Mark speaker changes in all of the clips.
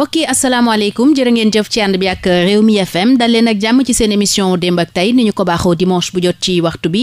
Speaker 1: mbokk yi asalaamaaleykum jërë ngeen jëf ci ànd bi ak mi FM dal leen ak jàmm ci seen émission démb ak tey ni ñu ko baaxoo dimanche bu jot ci waxtu bi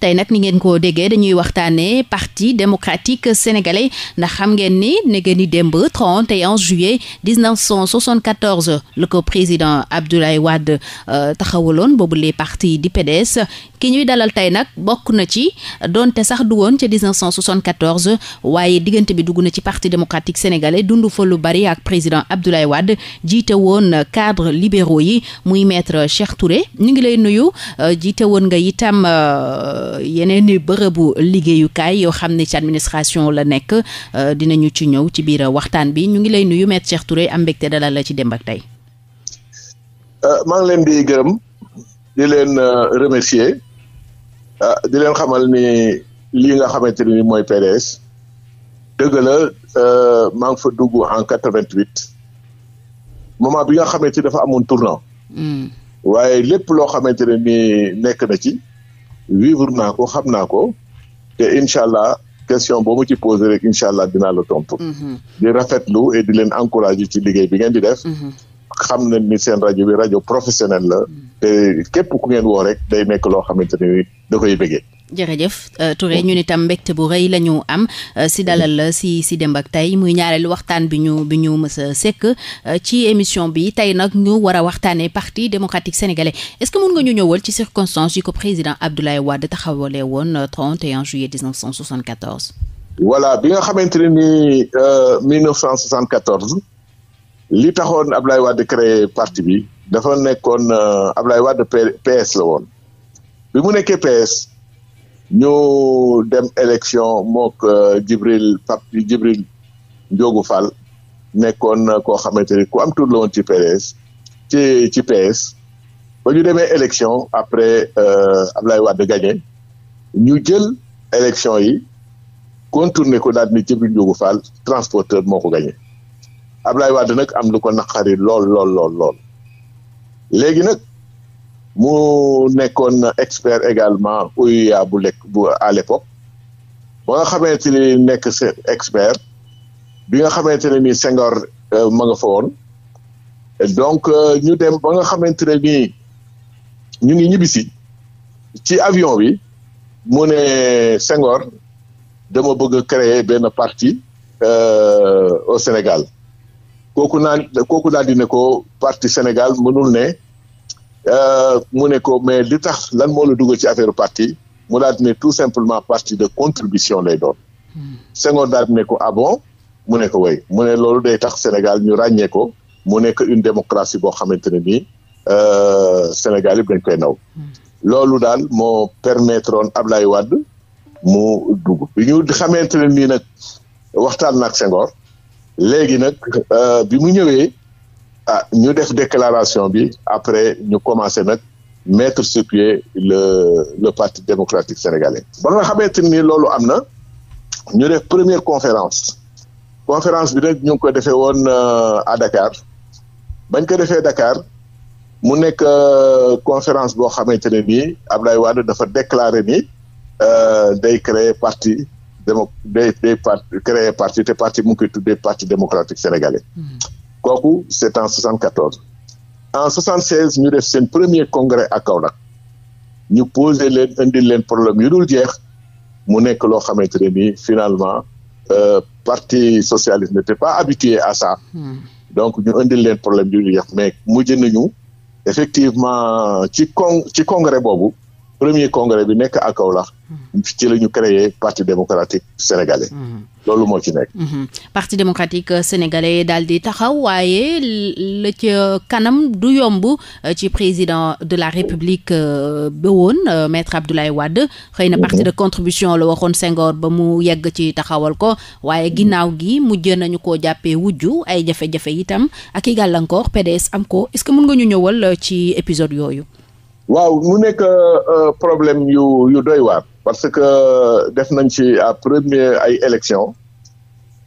Speaker 1: tey nag ni ngeen ko déggee dañuy waxtaanee parti démocratique sénégalais ndax xam ngeen ni ne ngeen ni démb 31 juillet 1974 la ko président Abdoulaye Wade euh, taxawuloon boobu les partis di PDS ki ñuy dalal tey nag bokk na ci donte sax du woon ca 1974 waaye diggante bi dugg na ci parti démocratique sénégalais dund fa lu bari ak président. Abdoulaye Wade jiite woon cadre libéraux yi muy maître Cheikh Touré ñu ngi lay nuyu euh, jiite woon nga itam euh, yeneen i bërëbu liggéeyukaay yoo xam ne ci administration la nekk euh, dinañu ci ñëw ci biir waxtaan bi ñu ngi lay nuyu maître Cheikh Touré am mbégte dalal la ci démb ak tey.
Speaker 2: maa leen di gërëm di leen remercier di leen xamal ni lii nga xamante ni mooy PDS dëgg la maa fa dugg en moment bi nga xamante dafa amoon tournant. Hmm. waaye lépp loo xamante ne nii nekk na ci. vivre naa ko xam naa ko te incha allah question boo ma ci posé rek incha allah dinaa la tontu. Hmm. di rafetlu et di leen encourager ci liggéey bi ngeen di def. Hmm. xam na ni seen rajo bi rajo professionnel la. te képp ku ngeen woo rek day nekk loo xamante ni da koy bëggee.
Speaker 1: jërëjëf euh, Touré ñun itam mbégte bu rëy la ñu am euh, si dalal si si démb tey muy ñaareelu waxtaan bi ñu bi ñu mës a sekk euh, ci émission bi tey nag ñu war a waxtaanee parti démocratique sénégalais est-ce que mun nga ñu ñëwal ci circonstances yi ko président Abdoulaye Wade taxawalee woon 31 juillet 1974.
Speaker 2: voilà bi nga xamante ne ni 1974 li taxoon Abdoulaye Wade créé parti bi dafa nekkoon Abdoulaye Wade PS la woon bi mu nekkee PS. ñu dem élection mook euh, Djibril Pap Djibril Ndiogu Fall nekkoon euh, koo xamante ni ku am tur la woon ci PDS ci ci PS ba ñu demee élection après euh, Ablaye Wade gagné ñu jël élection yi contourné ko daal ni Djibril Ndiogu Fall transporteur moo ko gagné Ablaye Wade nag am lu ko naqari lool lool lool lool léegi nag mu nekkoon expert également OUA bu lekk bu à l'époque ba nga xamante ni nekk expert bi nga xamante ne ni Senghor euh, ma nga fa woon donc euh, ñu dem ba nga xamante ne ni ñu ngi ñibbisi ci avion bi mu ne Senghor dama bëgg créer benn parti euh, au Sénégal kooku naan kooku daal di ne ko parti Sénégal mënul ne Euh, mu ne ko mais li tax lan moo la ci affaire parti mu daal di ne tout simplement parti de contribution lay doon Senghor daal di ne ko ah mu ne ko way mu ne loolu day tax Sénégal ñu ràññee ko mu nekk une démocratie boo xamante ne nii euh, Sénégal yëpp dañ koy naw loolu daal moo permettre oon Ablaye Wade mu dugg bi ñu xamante ne nii nag waxtaan na ak Senghor léegi nag euh, bi mu ñëwee ah ñu def déclaration bi après ñu commencé nag mettre sur pied le le parti démocratique sénégalais. ba nga xamante ni loolu am na ñu def première conférence conférence bi nag ñu ngi ko defee woon euh, à Dakar bañ ko defee Dakar mu nekk euh, conférence boo xamante ne nii Abdoulaye Wade dafa déclarer ni euh, day créer parti. démo day day parti créer parti te mu ngi koy tuddee parti démocratique sénégalais. Mm-hmm. kooku c'est en 74 en 76 ñu def seen premier congrès à Kaolack ñu posé leen indi leen problème yu dul jeex mu nekk loo xamante ne nii finalement euh, parti socialiste te pas habitué à ça hmm. donc ñu indi leen problème yu dul jeex mais mujj nañu effectivement ci con ci congrès boobu premier congrès bi nekk à Kaolack hmm. ci la ñu créé parti démocratique sénégalais hmm. loolu moo ci nekk. Mhm.
Speaker 1: parti démocratique sénégalais daal di taxaw waaye la ca kanam du yomb euh, ci président de la république euh, ba woon euh, maître Abdoulaye Wade xëy na mhm. parti de contribution la waxoon Senghor ba mu yegg ci taxawal ko waaye ginnaaw gi mujj nañu ko jàppee wujju ay jafe-jafe itam ak i gàllankoor PDS am ko est-ce que mën nga ñu ñëwal ci épisode yooyu.
Speaker 2: waaw mu nekk problème yu doy waar. parce que def nañ ci à premier ay élection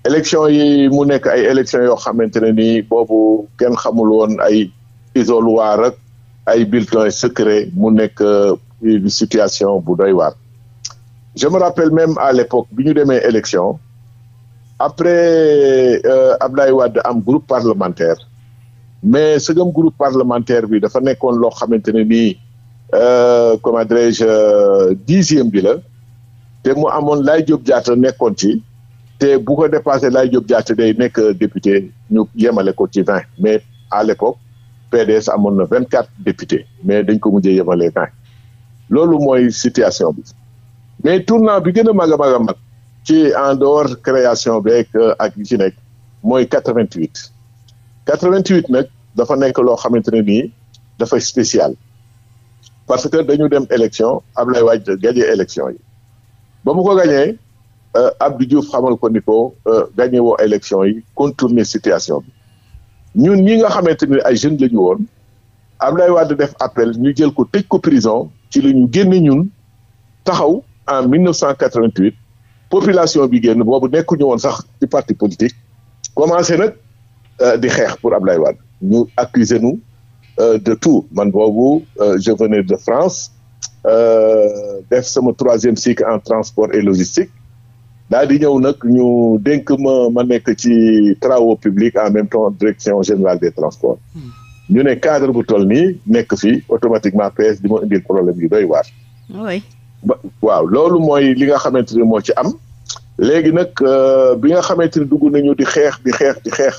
Speaker 2: élection yi mu nekk ay élection yoo xamante ne nii boobu kenn xamul woon ay isoloir rek ay bulletins secret mu nekk euh, situation bu doy waar je me rappelle même à l'époque bi ñu demee élection après euh, Abdoulaye Wade am groupe parlementaire mais sëgam groupe parlementaire bi dafa nekkoon loo xamante ne nii Euh, comment dirais-je euh, dixième bi la te mu amoon Laye Diop Diatta nekkoon ci te bu ko dépassé Laye Diop Diatta day nekk député ñu yemale ko ci vingt mais à l'époque PDS amoon na vingt quatre députés mais dañ ko mujjee yemale vingt loolu mooy situation bi mais tournant bi gën a mag a mag mag ci en dehors création be euh, ak yi ci nekk mooy quatre vingt huit quatre vingt huit nag dafa nekk loo xamante ne nii dafa spécial parce que dañu dem ab Ablaye Wade gagné élection yi ba mu ko ab euh, Abdou Diouf xamal ko ni ko euh, gagné woo élection yi contourner situation bi ñun ñi nga xamante ni ay jeunes la ñu woon Ablaye Wade def appel ñu jël ko tëj ko prison ci la ñu génne ñun taxaw en 1988 population bi génn boobu nekkuñu woon sax ci parti politique commencé nag euh, di xeex pour ab lay Wade ñu accuser nu Euh, de tout man boobu euh, je venais de France euh, def sama troisième cycle en transport et logistique daal di ñëw nag ñu dénk ma ma nekk ci travaux publics en même temps direction générale des transports hmm. ñu ne cadre bu toll nii nekk fi automatiquement PS di ma indil problème yu doy waar. waaw loolu mooy li nga xamante ni moo ci am léegi nag bi nga xamante ni dugg nañu di xeex di xeex di xeex.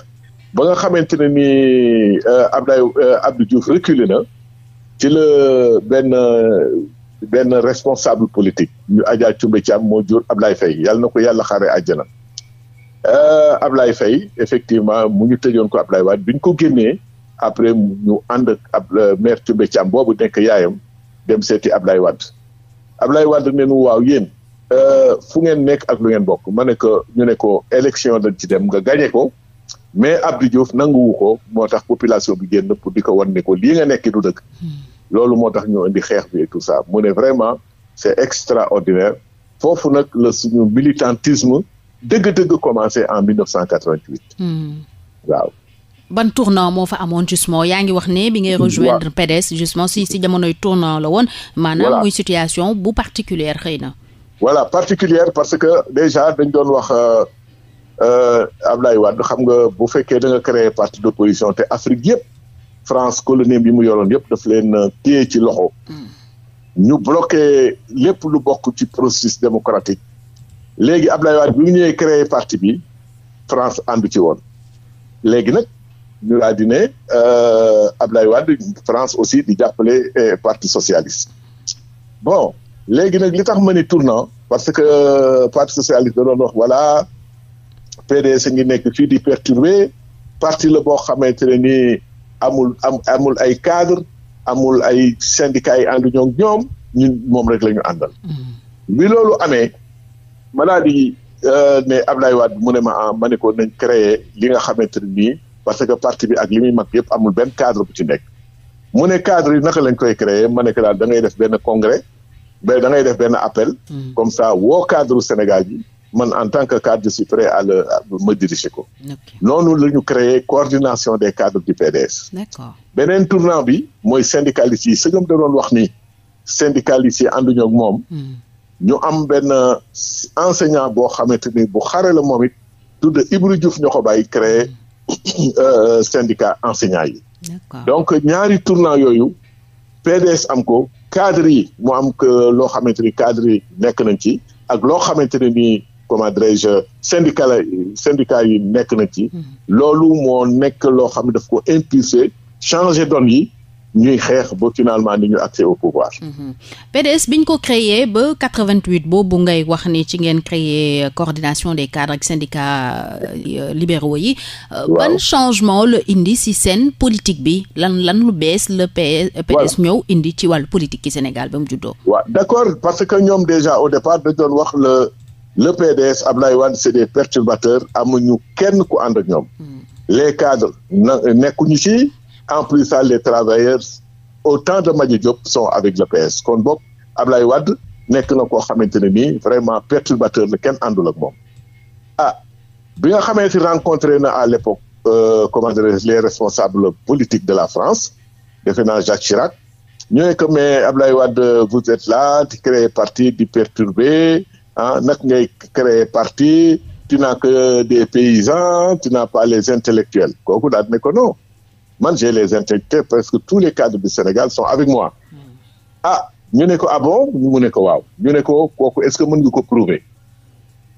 Speaker 2: ba nga xamante ne ni euh, Abdoulaye euh, Abdou Diouf reculé na ci la benn benn responsable politique ñu Adja Cumbe caam moo jur Ablaye Faye yàlla na ko yàlla xaaree àjjana euh, Ablaye Faye effectivement mu ñu tëjoon ko ablay Wade biñ ñu ko génnee après ñu ànd ab maire Cumbe Thiam boobu nekk yaayam dem seeti Ablaye Wade Ablaye Wade ne nu waaw yéen fu ngeen nekk ak lu ngeen bokk ma ne ñu ne ko élection dañ ci dem nga gagné ko mais Abdou Diouf nanguwu ko moo tax population bi génn pour di ko wan ne ko lii nga nekk du dëkk. Hmm. loolu moo tax ñu indi xeex bi et tout ça mu ne vraiment c'est extraordinaire foofu nag la suñu militantisme dëgg-dëgg commencé en hmm. waaw.
Speaker 1: ban tournant moo fa amoon justement yaa ngi wax ne bi ngay rejoindre PDS justement si si jamonoy tournant la woon maanaam muy situation bu particulière xëy na
Speaker 2: voilà particulière parce que déjà dañ doon wax euh, Euh, Ablaye Wade xam nga bu fekkee da nga créer parti d'opposition te Afrique yëpp France colonie bi mu yoroon yëpp daf leen euh, téye ci loxo. Hmm. ñu bloqué lépp lu bokk ci processus démocratique léegi Ablaye Wade bi mu ñëwee créer parti bi France àndu ci woon léegi nag ñu laa di ne euh, Ablaye Wade France aussi di jàppale parti socialiste bon léegi nag li tax ma ne tournant parce que parti socialiste da doon wax voilà. PDS ngi nekk fii di perturber parti la boo xamante ne nii amul am amul ay cadre amul ay syndicat yi ànduñoo ak ñoom ñun moom rek la ñu àndal. Mm-hmm. bi loolu amee ma daal di euh, ne Abdoulaye Wade mu ne ma ah ma ne nañ créer li nga xamante ne nii parce que parti bi ak li muy mag yëpp amul benn cadre bu ci nekk. mu ne cadre yi naka lañ koy créer ma ne ko daal da ngay def benn congrès mais dangay def benn appel. Mm. comme ça woo cadre Sénégal yi man en tant que cadre je suis prêt le à ko. noonu la ñu créer coordination des cadres du PDS. beneen tournant bi mooy syndicalistes yi sëñ da doon wax ni syndicalistes yi ànduñu ak moom. Hmm. ñu am benn enseignant boo xamante ni bu xare la moom it tudd Ibru Diouf ñoo ko bàyyi créer hmm. euh, syndicat enseignant yi. donc ñaari tournant yooyu PDS am ko cadre yi mu am loo xamante ni cadre yi nekk nañ ci ak loo xamante ne comment dirais-je syndicat syndicat yi nekk na ci. Mhm. loolu moo nekk loo xam daf ko impulsé changer donne yi ñuy xeex ba finalement ni ñu accès au pouvoir. Mhm.
Speaker 1: PDS biñ ko créé ba 88 boobu ngay wax ni ci ngeen créé coordination des cadres ak syndicats euh, libéraux yi. Euh, ban changement la indi si seen politique bi lan lan lu bees la PDS ñëw indi ci wàllu politique ci Sénégal ba mu juddoo.
Speaker 2: d'accord parce que ñoom déjà au départ dañ doon wax le PDS Abdoulaye Wade c'est des perturbateurs amuñu kenn ku ànd ak ñoom. Hmm. les cadres na nekkuñu ci en plus ça les travailleurs au temps de Madji Diop sont avec le PS kon boog Abdoulaye Wade nekk na koo xamante ne nii vraiment perturbateur la kenn àndul ak moom. ah bi nga xamee si rencontré na à l'époque euh, comment dirais-je les responsables politiques de la France defe naa Jacques Chirac ñooy que mais Abdoulaye Wade vous êtes là di créer parti di perturber ah nag ngay créer parti tu n'as que des paysans tu n'as pas les intellectuels kooku daal ne ko non man j'ai les intellectuels parce que tous les cadres du Sénégal sont avec moi hmm. ah ñu ne ko ah bon mu ne ko waaw ñu ne ko kooku est-ce que mën nga ko prouver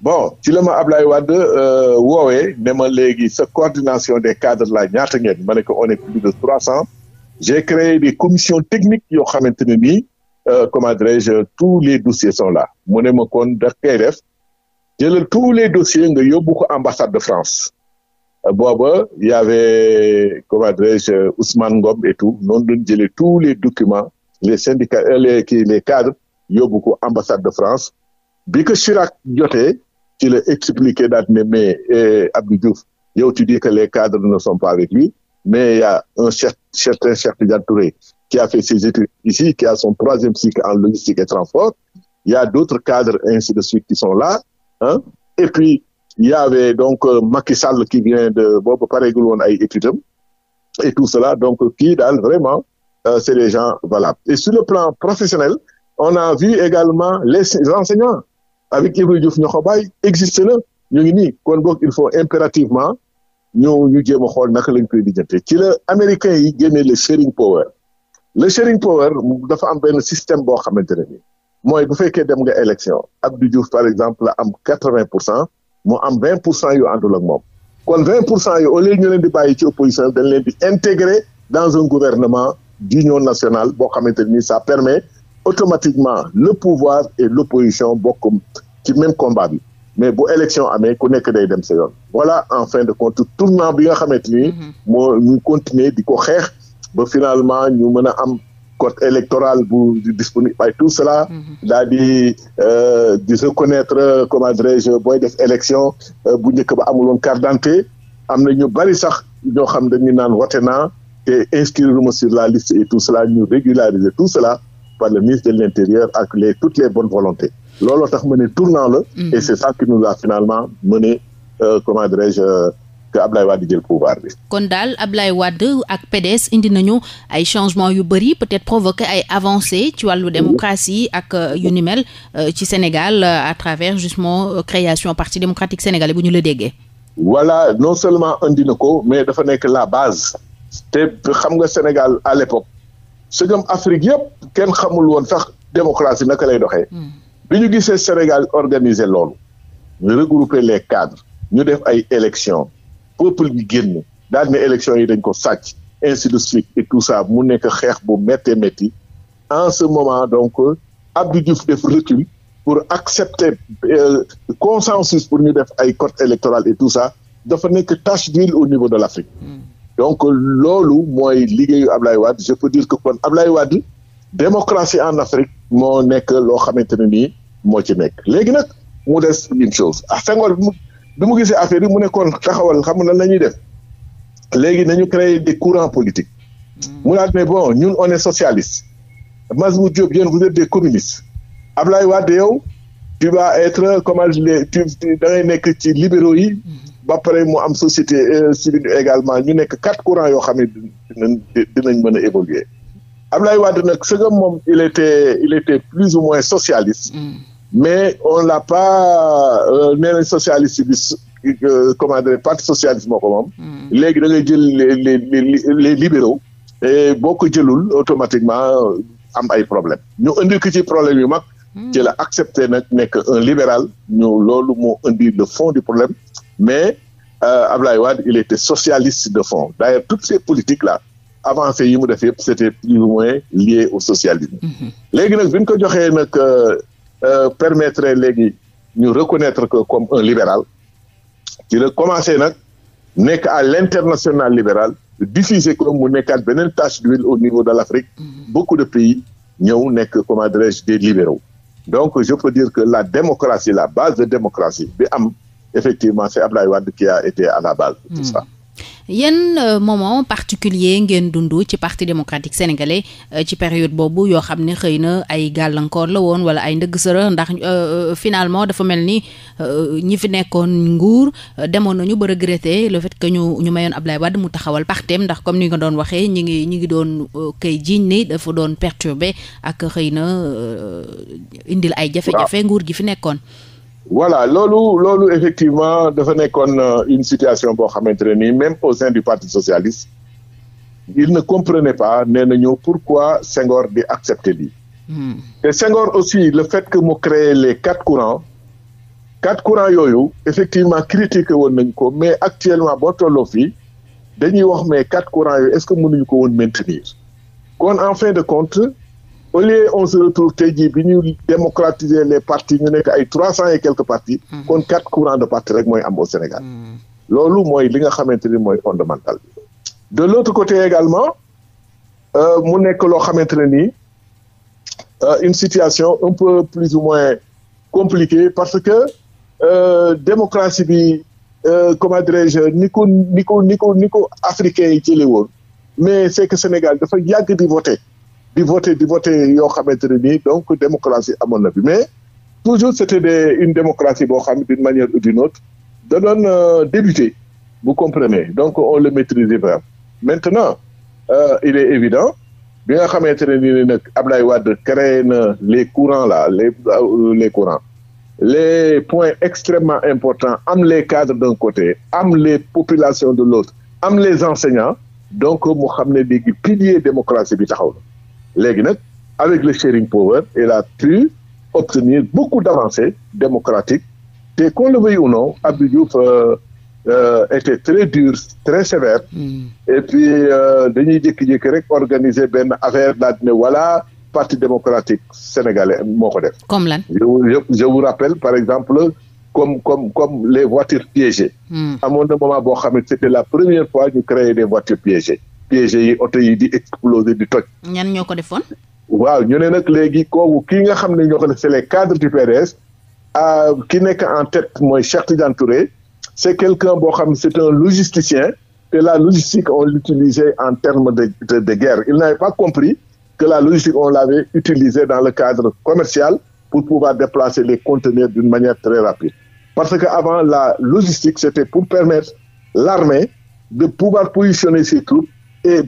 Speaker 2: bon ci la ma Ablaye Wade euh, woowee ne ma léegi sa coordination des cadres la ñaata ngeen ma ne ko on est plus de trois cents j'ai créé des commissions techniques yoo xamante ne nii euh, comment dirais-je tous les dossiers sont là mu ne ma kon da koy def jëlal tous les dossiers nga yóbbu ko ambassade de France euh, booba y avait comment dirais-je Ngom et tout noonu doon jëlee tous les documents les syndicats euh, les kii les cadres yóbbu ko ambassade de France bi ko jote jotee ci la expliqué daal ne mais eh, Abdou Diouf yow tu dis que les cadres ne sont pas avec lui mais il y a un certain certain Cheikh Tidiane Touré qui a fait ses études ici qui a son troisième cycle en logistique et transport ya y a d'autres cadres, ainsi de suite, qui sont là. Et puis, y avait donc euh, Macky Sall qui vient de boobu pareegul woon ay études et tout cela donc kii daal vraiment euh, c'est des gens valables et sur le plan professionnel on a vu également les, les enseignants avec Ibrahima Diouf ñoo ko bàyyi existé na ñu ngi nii kon il faut impérativement ñu ñu jéem a xool naka lañ koy lijjante ci la américains yi génnee le sharing power le sharing power dafa am benn système boo xamante ne mooy bu fekkee dem ga élection Abdou Diouf par exemple la am quatre vingt pour cent mu am vingt pour cent yu àndul ak moom kon vingt pour cent yu au lieu ñu leen di bàyyi ci opposition dañ leen di intégrer dans un gouvernement d'union nationale boo xamante ni ça permet automatiquement le pouvoir et l'opposition bokk ci même combat mais bu élection amee ku nekk day dem se yoon voilà en fin de compte tournant bi nga xamante ni mm-hmm. moo ñu continuer di ko xeex ba ñu mën code électoral bu disponible ay tout cela mhm. daal di euh, di reconnaître euh, comment dirais-je booy def élection euh, bu njëkk ba amuloon carte d'identité am na ñu bari sax ñoo xam dañu naan wote naa te inscrire sur la liste et tout cela ñu régulariser tout cela par le ministre de l'Intérieur ak les toutes les bonnes volontés looloo tax ma tournant la mhm. et c'est ça qui nous a finalement mené euh, comment je que Ablaye Wade
Speaker 1: kon daal Ablaye Wade ak PDS indi nañu ay changement yu bëri peut-être provoqué ay avancées ci wàllu démocratie ak euh, yu ni mel euh, ci Sénégal euh, à travers justement création parti démocratique sénégalais bu ñu la déggee.
Speaker 2: wala non seulement indi na ko mais dafa nekk la base. te xam nga Sénégal à l'époque sëgam Afrique yëpp kenn xamul woon sax démocratie naka lay doxee. Hmm. bi ñu gisee Sénégal organiser lool ñu regrouper les cadres. ñu def ay élections. peuple bi génn daal ne élection yi dañ ko sàcc ainsi de suite et tout ça mu nekk xeex bu méttee métti en ce moment donc Abdou Diouf def recul pour accepter euh, consensus pour ñu def ay code électoral et tout ça dafa nekk tache d'huile au niveau de l'Afrique mm. donc loolu mooy liggéeyu Ablaye Wade je peux dire que kon Ablaye Wade démocratie en Afrique moo nekk loo xamante ne nii moo ci nekk léegi nag mu des une chose ah Senghor bi mu gisee affaire yi mu nekkoon taxawal xam nan la ñuy def léegi nañu créer des courants politiques mu daal ne bon ñun on est socialiste Mazemou Diop yéen vous êtes des communistes Ablaye Wade yow tu vas être comment les tu da ngay nekk ci libéro yi ba pare mu am société euh, civile également ñu nekk quatre courant yoo xam ne dinañ dinañ mën a évoluer Ablaye Wade nag sëgam moom il était il était plus ou moins socialiste. Mm. mais on l'a pas nee euh, nañ socialiste bi euh, comment dire moom. Hmm. léegi da ngay jël les les les libéraux. et boo ko jëlul automatiquement euh, am ay problème ñu indi ko ci problème yu mag. Hmm. ci la accepté nag nekk un libéral ñu loolu mu indi le fond du problème mais euh, Ablaye Wade il était socialiste de fond d'ailleurs toutes ces politiques la avancé yi mu def yëpp c'était plus ou moins lié au socialisme. Hmm. léegi nag bi ko joxee nag. Euh, permettrait léegi ñu reconnaître que comme un libéral ci la commencé nag nekk à l'international libéral diffuser ko mu a beneen tache d'huile au niveau de l'Afrique mm-hmm. beaucoup de pays ñëw nekk comment dirais-je des libéraux donc je peux dire que la démocratie la base de démocratie bi am effectivement c'est Abdoulaye qui a été à la base de tout mm-hmm. ça
Speaker 1: yan euh, moment particulier ngeen dund ci parti démocratique sénégalais euh, ci période boobu yoo xam ne xëy na ay gàllankoor la woon wala ay ndëgg sërë ndax euh, finalement dafa mel ni ñi fi nekkoon nguur demoon nañu ba regretter le fait que ñu ñu mayoon Ablaye Wade mu taxawal partem ndax comme ni nga doon waxee ñi ngi ñi ngi doon kay jiiñ ni dafa doon perturbé ak xëy na indil ay jafe-jafe nguur gi fi nekkoon
Speaker 2: voilà loolu loolu effectivement dafa nekkoon euh, une situation boo xamante ne nii même au sein du parti socialiste il ne comprenait pas nee nañu pourquoi Senghor di accepter lii. Mm. te Senghor aussi le fait que mu créer les quatre courants quatre courants yooyu effectivement critiqué woon nañ ko mais actuellement boo tolloo dañuy wax mais quatre courants yooyu est-ce que mënuñu ko woon maintenir kon en fin de compte. au lieu on se retrouve tey jii bi ñu démocratiser les partis ñu nekk ay trois cent et quelques partis. Mm-hmm. kon quatre courants de parti rek mooy am au Sénégal. Mm-hmm. loolu mooy li nga xamante ni mooy fondamental bi. de l' côté également euh, mu nekk loo xamante ne nii euh, une situation un peu plus ou moins compliquée parce que euh, démocratie bi euh, comment dirais-je ni ko ni ko ni ko ni ko africain yi jëlee woon mais c' est que Sénégal dafa yàgg di voter di voter di voter yoo xamante ne nii donc démocratie amoon na bi mais toujours c'était une démocratie boo xam ne d'une manière ou d'une autre da doon euh, débuter vous comprenez donc on le maîtrisait vraiment maintenant euh, il est évident bi nga xamante ne nii nag Ablaye Wade créé na les courants là les euh, les courants les points extrêmement importants am les cadres d'un côté am les populations de l'autre am les enseignants donc mu xam ne léegi pilier démocratie bi taxaw na léegi nag avec le sharing power il a pu obtenir beaucoup d'avancées démocratiques te qu'on le veuille ou non Abdou Diouf euh, euh, était très dur très sévère mm. et puis euh, dañuy jékki-jékki rek organiser benn affaire daal di ne voilà parti démocratique sénégalais moo ko def. comme lan je, je vous rappelle par exemple comme comme comme les voitures piégées. Hmm. amoon na moment boo xam ne c'était la première fois ñu créer des voitures piégées. piégé yi oto yi di exploser di toj.
Speaker 1: ñan ñoo ko defoon.
Speaker 2: waaw ñu ne nag léegi kooku kii nga xam ne ñoo ko def c'est les cadres du PDS ah, ki nekk en tête mooy Cheikh Tidiane Touré c'est quelqu'un boo xam c'est un logisticien te la logistique on l'utilisait en termes de, de de guerre il n'avait pas compris que la logistique on l'avait utilisée dans le cadre commercial pour pouvoir déplacer les conteneurs d'une manière très rapide parce que avant la logistique c'était pour permettre l'armée de pouvoir positionner ses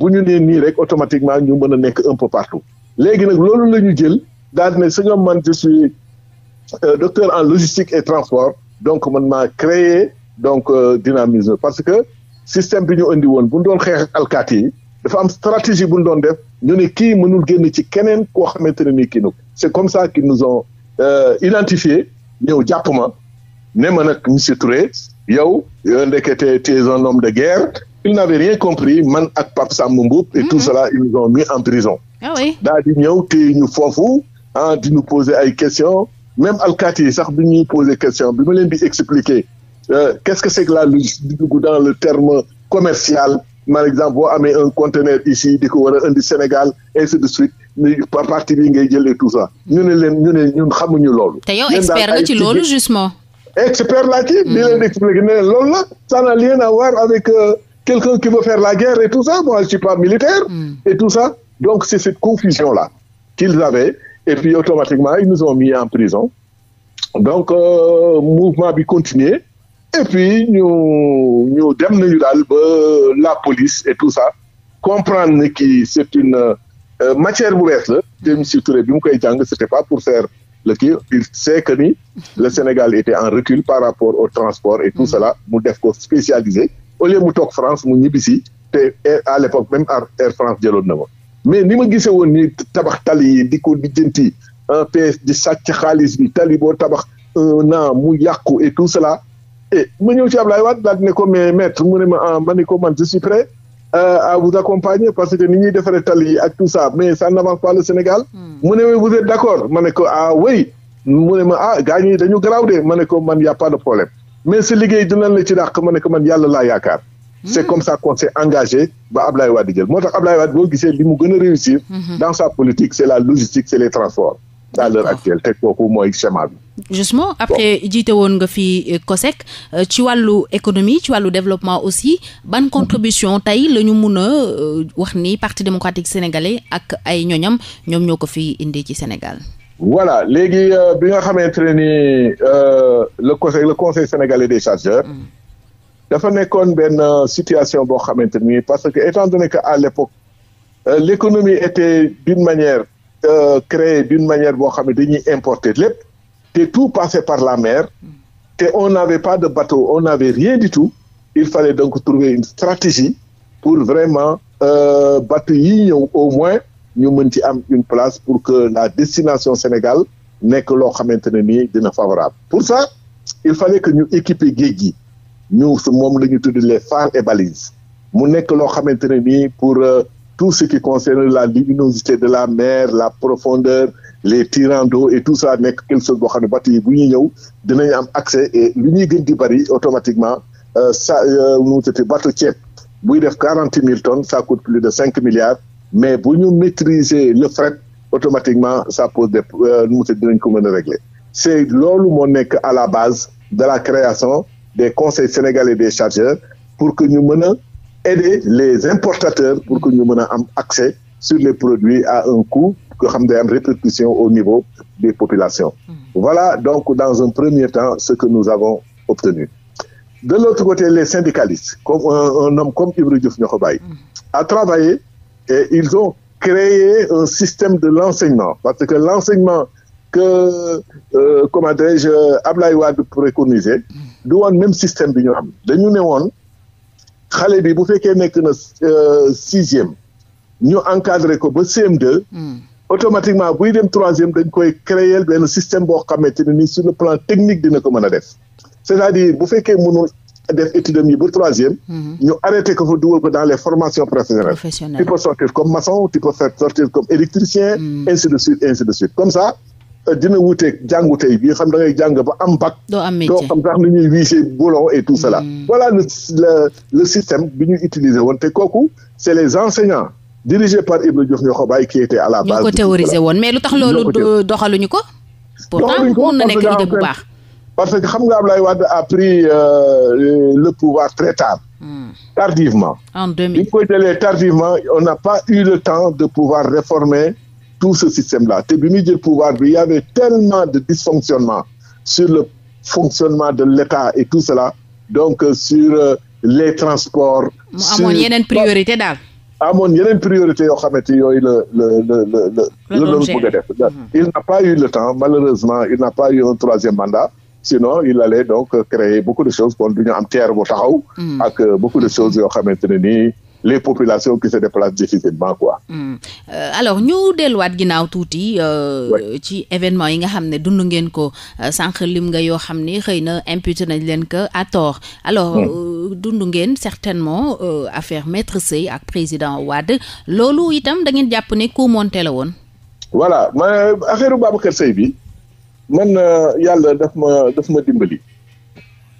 Speaker 2: bu ñu nee nii rek automatiquement ñu mën a nekk un peu partout léegi nag loolu la ñu jël daal ne sëñoom man je suis euh, docteur en logistique et transport donc man maa créer donc euh, dynamisme parce que système bi ñu indi woon bu ñu doon xeex ak alkaati dafa am stratégie bu ñu doon def ñu ne kii mënul génn ci keneen koo xamante ne nii kii nag c'est comme ça qu'ils nous ont euh, identifié ñëw jàpp ma ne ma nag monsieur Touré yow ndekete tu es un homme de guerre il n'avait rien compris man ak Pape Samba Mboup et tout mhm. cela ils nous ont mis en prison ah daal di ñëw téye ñu foofu ah, di ñu poser ay question même alkaati yi sax bi ñu poser question bi ma leen di expliquer euh, qu'est-ce que c'est que la logistique dugg dans le terme commercial ma exemple boo amee un conteneur ici di ko war a indi Sénégal ainsi de suite par partie bi ngay jëlee tout ça ñu ne leen ñu ne ñun xamuñu loolu. te yow expert nga ci loolu justement. expert laa ci. di mm. leen expliquer ne loolu la ça quelqu'un qui veut faire la guerre et tout ça, moi je ne suis pas militaire mm. et tout ça. Donc c'est cette confusion-là qu'ils avaient et puis automatiquement ils nous ont mis en prison. Donc euh, mouvement bi continuer et puis ñu ñu dem nañu daal la police et tout ça comprendre ne kii c'est une euh, matière bu bees la te hmm. monsieur Touré bi mu koy jàng c'était pas pour faire le kii il sait que ni le Sénégal était en recul par rapport au transport et tout hmm. cela mu def ko spécialisé au lieu mu toog France mu ñibbisi te à l'époque même Air France jëloon na ko mais ni ma gisee woon ni tabax tali yi di ko lijjanti en PS di sàcc xaalis bi tali boo tabax un an mu yàqu et tout cela et ma ñëw ci Ablaye Wade daal ne ko mais maître mu ne ma ah ma ne ko man je suis prêt euh, vous accompagner parce que ni ñuy defaree tali yi ak tout ça mais ça n'avance pas le Sénégal. Hmm. mu ne vous êtes d'accord ma ne ko a ah, oui mu ne ma a ah, gars ñi dañu garaaw de ma ne ko man y a pas de problème. mais sa liggéey dinañ la ci dàq ma ne ko man yàlla laa yaakaar. Hmm. c' est comme ça qu'on s'est engagé ba Ablaye Wade jël moo tax Ablaye Wade boo gisee li mu gën a réussir. Hmm. dans sa politique c' est la logistique c' est les transports. à l'heure actuelle te kooku mooy schéma bi.
Speaker 1: justement après jiite woon nga fi euh, COSEC euh, ci wàllu économie ci wàllu développement aussi ban hmm. contribution tey la ñu mun a euh, wax ni parti démocratique sénégalais ak ay ñoñam ñoom ñoo ko fi indi ci Sénégal.
Speaker 2: voilà léegi euh, bi nga xamante ne ni euh, le conseil le conseil sénégalais des chargeurs. Mm. dafa nekkoon benn euh, situation boo xamante ni parce que étant donné que à l'époque euh, l'économie était d'une manière euh, créée d'une manière boo xam ne dañuy importer lépp te tout passait par la mer mm. te on n'avait pas de bateau on n'avait rien du tout il fallait donc trouver une stratégie pour vraiment euh, bateau yi ñëw au moins ñu mën ci am une place pour que la destination Sénégal nekk loo xamante ne nii dina favorable pour ça il fallait que ñu équiper géej gi ñu moom la ñu tudd les phares et balises mu nekk loo xamante ne nii pour euh, tout ce qui concerne la luminosité de la mer la profondeur les tirants d'eau et tout ça nekk quelque chose boo xam ne bateau yi bu ñuy ñëw dinañ am accès et lu ñuy gën di bari automatiquement sa euh, euh, nu mu tuddati bateau ceeb def quarante mille tonnes ça coûte plus de cinq milliards mais bu ñu maîtriser le fret automatiquement ça pose des nu mu tudd dinañ ko mën a régler c'est loolu moo nekk à la base de la création des conseils sénégalais des chargeurs pour que ñu mën a aider les importateurs pour que ñu mën a am accès sur les produits à un coût ko xam day am répercussion au niveau des populations mmh. voilà donc dans un premier temps ce que nous avons obtenu de l'autre côté les syndicalistes comme un, un homme Et ils ont créé un système de l'enseignement. Parce que l'enseignement que, euh, comment dirais-je, Ablaye Wade préconisait, du woon même système bi ñu am dañu ne woon xale bi bu fekkee nekk na euh, sixième ñu encadré ko ba CM2. Hmm. automatiquement buy dem troisième dañ koy créer benn système boo xamante ne ni sur le plan technique dina ko mën a def c'est-à-dire bu fekke mënul def étude am yi ba troisième. Mhm. ñu arrêté ko fa dugal ko dans les formations professionnelles. professionnelles sortir comme maçon tu sortir comme électricien. Mhm. ainsi de suite ainsi de suite comme ça. Euh, dina wuteeg jàngu bi xam da ngay jàng ba am bac. doo am métier doo xam sax ni ñuy wiise boulon et tout cela. Mhm. voilà le système bi ñu utiliser woon te kooku c' les enseignants dirigés par Ibn Diouf ñoo ko bàyyi qui était à la base. ñoo ko théorisé woon mais lu tax loolu doxaluñu parce que xam nga Abdoulaye Wade a pris euh, le pouvoir très tard. Hmm. tardivement. en 2000 bi ko jëlee tardivement on n'a pas eu le temps de pouvoir réformer tout ce système là bi muy jël pouvoir bi y avait tellement de dysfonctionnement sur le fonctionnement de l'État et tout cela donc euh, sur euh, les transports. mu amoon
Speaker 1: yeneen priorité daal.
Speaker 2: amoon yeneen yooyu la la la la la hmm. il n'a pas eu le temps malheureusement il n'a pas eu un troisième mandat. sinon il allait donc euh, créer beaucoup de choses kon du ñu am terre bu taxaw. Mm. ak euh, beaucoup de choses yoo xamante ne nii. les populations qui se déplacent difficilement quoi.
Speaker 1: Mm. Euh, alors ñu delluwaat ginnaaw tuuti. ci événement yi nga xam ne dund ngeen ko sànq lim nga yoo xam ni xëy na imputé nañ leen ko à tort. alors mm. dund ngeen certainement affaire maître Sèye ak président Wade loolu itam da jàpp ne ku monté la woon.
Speaker 2: wala mais affaire Babacar Sèye bi. man euh, yàlla daf ma daf ma dimbali.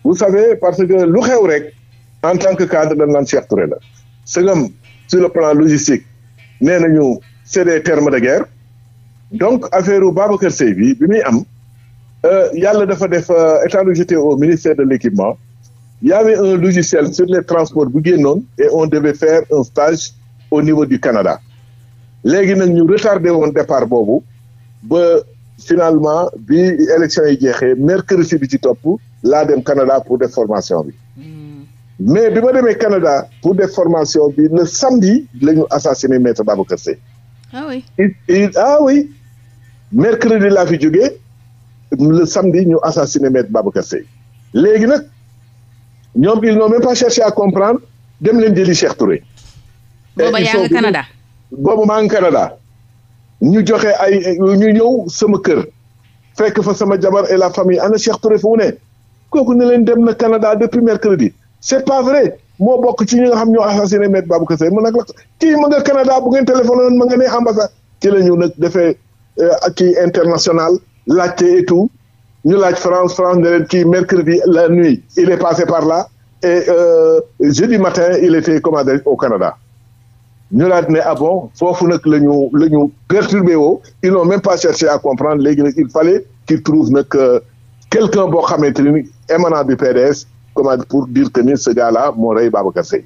Speaker 2: vous savez parce que lu xew rek en tant que cadre dañ naan Cheikh Touré la sëgam sur le plan logistique nee nañu c'est des termes de guerre donc affaire u Babacar Seye bi bi muy am euh, yàlla dafa def état de jeté au ministère de l'équipement y avait un logiciel sur les transports bu génnoon et on devait faire un stage au niveau du Canada léegi nag ñu retardé woon boobu finalement bi élection yi jeexee mercredi bi ci topp laa dem Canada pour def formation bi hmm. mais bi ma demee Canada pour def formation bi le samedi la ñu assassiné maître Babacar Seye. ah, ah laa fi jóge le samedi ñu assassiné maître Babacar Seye léegi nag ñoom ils n'ont même pas cherché à comprendre dem leen jëli Cheikh Touré. booba boobu maa ngi Canada. ñu joxe ay ñu ñëw sama kër fekk fa sama jabar et la famille ana Cheikh Touré fu mu ne kooku ne leen dem na Canada depuis mercredi c'est pas vrai moo bokk ci ñi nga xam ñoo assassiné Maître Baboucar Sèye mën nag la kii ma nga Canada bu ngeen téléphoné woon ma nga ne ambassade ci la ñu nag defee euh, kii international laajte et tout ñu laaj France France ne leen kii mercredi la nuit il est passé par là et euh, jeudi matin il était commandé au Canada ñu laat ne ah bon foofu nag la ñu la ñu perturbé woo ils n'ont même pas cherché à comprendre léegi nag il fallait qu'ils trouvent nag euh, quelqu'un boo xamante ni émanant du PDS comment pour dire que ni ce gars-là moo rey Babacar Seye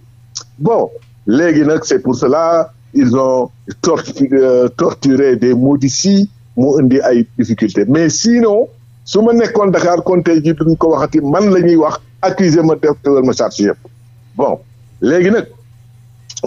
Speaker 2: bon léegi nag c'est pour cela ils ont euh, torturé des modici mu indi ay difficultés mais sinon su ma nekkoon Dakar kon tey jii duñ ko waxati man la ñuy wax accuser ma def tëwal ma charge yëpp bon léegi nag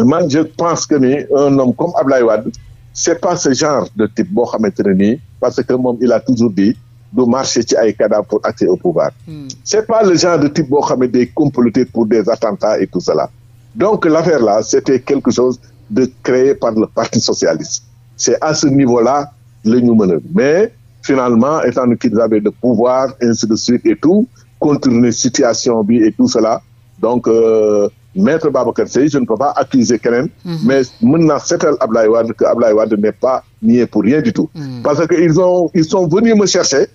Speaker 2: man je pense que ni un homme comme Ablaye Wade c'est pas ce genre de type boo xamante ne nii parce que moom il a toujours dit du marché ci ay cadavres pour accès au pouvoir mm. c'est pas le genre de type boo xam ne day comploter pour des attentats et tout cela donc l'affaire là c'était quelque chose de créé par le parti socialiste c'est à ce niveau là la ñu mën a mais finalement étant donné qu'ils avaient le pouvoir ainsi de suite et tout contourner situation bi et tout cela donc euh, maître Babacar Seye je ne peux pas accuser keneen. Mhm. mais mën naa seetal Ablaye Wade que Ablaye n'est pas nié pour rien du tout. Mhm. parce que ils ont ils sont venus me chercher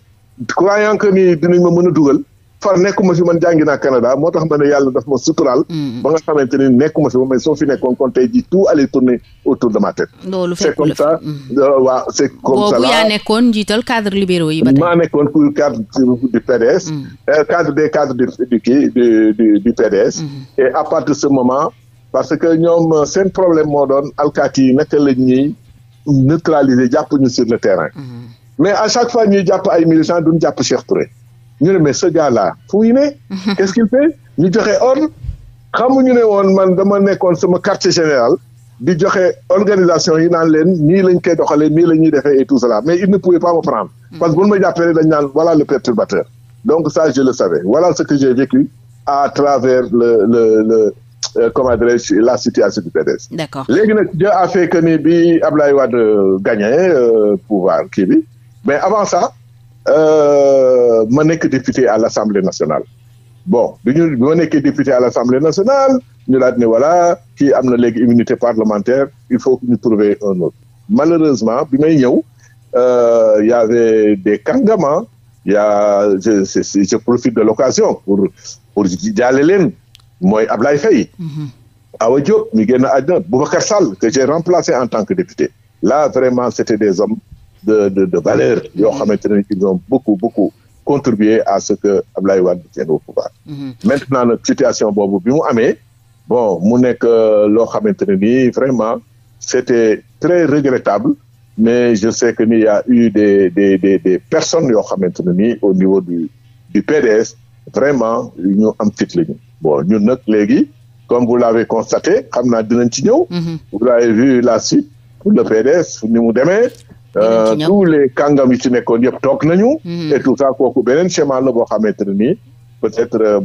Speaker 2: croyant que ni dinañ mën a dugal. far nekkuma fi man jàngi naa Canada moo tax ma ne yàlla daf ma suturaal. Mm-hmm. ba nga xamante ni nekkuma fi moom mais soo fi nekkoon kon tey ji tout allait tourner autour de ma tête. loolu c'est comme ça mm-hmm. euh, waaw c'est comme ça. boobu yaa
Speaker 1: nekkoon njiital cadre libéraux yi ba tey.
Speaker 2: maa nekkoon pour cadre du PDS. Mm. Euh, cadre des cadres du du kii du du PDS. Mm-hmm. à partir de ce moment. parce que ñoom euh, seen problème moo doon alkaati yi naka la ñuy neutraliser jàpp ñu sur le terrain. mais à chaque fois ñuy jàpp ay militants duñ jàpp Cheikh Touré. ñu ne mais ce gars là fu ñu ne. qu'est-ce qu'il fait ñu joxe ordre xamuñu ne woon man dama nekkoon sama quartier général di joxe organisation yi naan leen nii lañ koy doxalee nii la ñuy defee et tout cela mais il ne pouvait pas me prendre. Mm. parce que bu ma jàppee dañ naan voilà le perturbateur. donc ça je le savais voilà ce que j'ai vécu à travers le le le. Euh, comment dirais-je la situation du PDS. d'accord léegi nag Dieu a fait que ni bi Ablaye Wade gagné euh, pouvoir kii bi mais avant ça Euh, ma nekk député à l'Assemblée nationale bon bi ñu bi ma nekkee député à l'Assemblée nationale ñu daal ne voilà kii am na léegi immunité parlementaire il faut que ñu trouver un autre malheureusement bi may ñëw euh, y avait des kàngama y a je je, je profite de l'occasion pour pour jaale leen mooy Ablaye Faye mm-hmm. Awa Diop mi génn àddina Boubacar Sall que j'ai remplacé en tant que député là vraiment c'était des hommes de de de valeurs xamante ne ils ont beaucoup beaucoup contribué à ce que Abdoulaye Wade tienne au pouvoir. Mhm. maintenant nag situation boobu bi mu amee bon mu nekk euh, loo xamante ne nii vraiment c'était très regrettable. mais je sais que ni y a eu des personnes yoo xamante ne nii au niveau du du PDS vraiment ñu am fit lañu léegi comme vous l'avez constaté xam naa dinañ ci ñëw. Mhm. vous avez vu la suite pour le PDS ni mu demee. Euh, tous les kàngam yi ci nekkoon yëpp toog nañu. Mhm. et tout ça kooku beneen schéma la boo xamante ne nii. peut-être euh,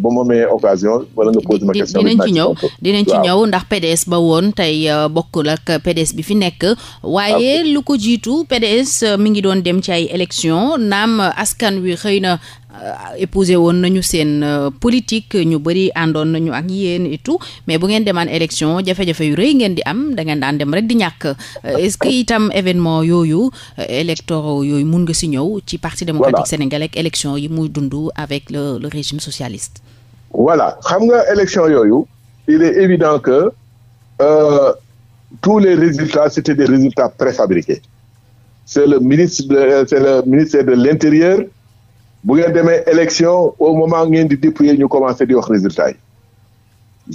Speaker 2: wala nga pose ma question dinañ ci ñëw dinañ ci ñëw
Speaker 1: ndax PDS ba woon tey euh, bokk ak PDS bi fi nekk waaye lu ko jiitu PDS mi ngi doon dem ci ay élection naam askan wi xëy na Euh, épousé woon nañu seen euh, politique ñu bëri àndoon nañu ak yéen et tout mais bu ngeen demaan élection jafe-jafe yu rëy ngeen di am dangeen daan dem rek di ñàkk euh, est-ce que itam événement yooyu électoraux yooyu mun nga si ñëw ci parti démocratique sénégalais ak élection yi muy dund avec le le régime socialiste.
Speaker 2: wala xam nga élection yooyu il est évident que euh, tous les résultats c'était des résultats préfabriqués ministre de c'est le ministère de l'intérieur bu ngeen demee élection au moment ngeen di dépouiller ñu commencé di wax résultat yi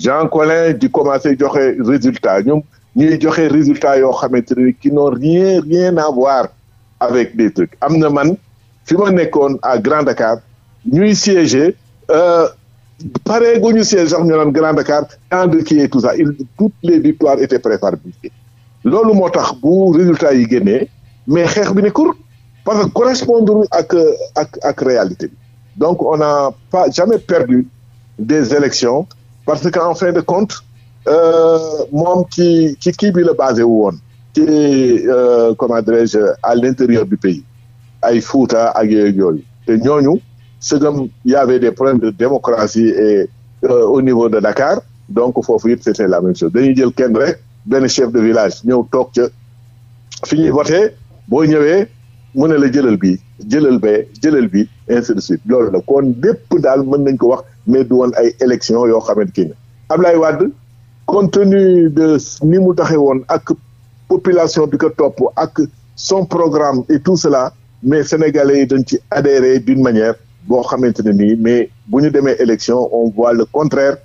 Speaker 2: Jean Collin di commencé joxe résultat ñoom ñuy joxe résultat yoo xamante ne qui n'ont rien rien à voir avec des trucs am na man fi ma nekkoon à Grand car ñuy siéger euh, pare gu ñu siège sax ñu naan Grand Dakar tant de qui et tout ça il toutes les victoires étaient préparées loolu moo tax bu résultat yi génnee mais xeex bi ne parce que correspondre ak ak ak réalité donc on n'a pas jamais perdu des élections parce que en fin de compte euh, moom ci ci kii bi la basé wu woon ci euh, comment dirais-je à l'intérieur du pays ay Fouta ak yooyu te ñooñu segam y avait des problèmes de démocratie et euh, au niveau de Dakar donc foofu it c'était la même chose dañuy jël kenn rek benn chef de village ñëw toog ca fi ñuy voté boo ñëwee mu ne la jëlal bii jëlal bee jëlal bi ainsi de suite loolu la kon lépp daal mën nañ ko wax mais du woon ay élection yoo xamante kii ne Ablaye Wade compte tenu de ni mu taxe woon ak population bi ko topp ak son programme et tout cela mais sénégalais yi dañ ci adhéré d'une manière boo xamante ne nii mais bu ñu demee élection on voit le contraire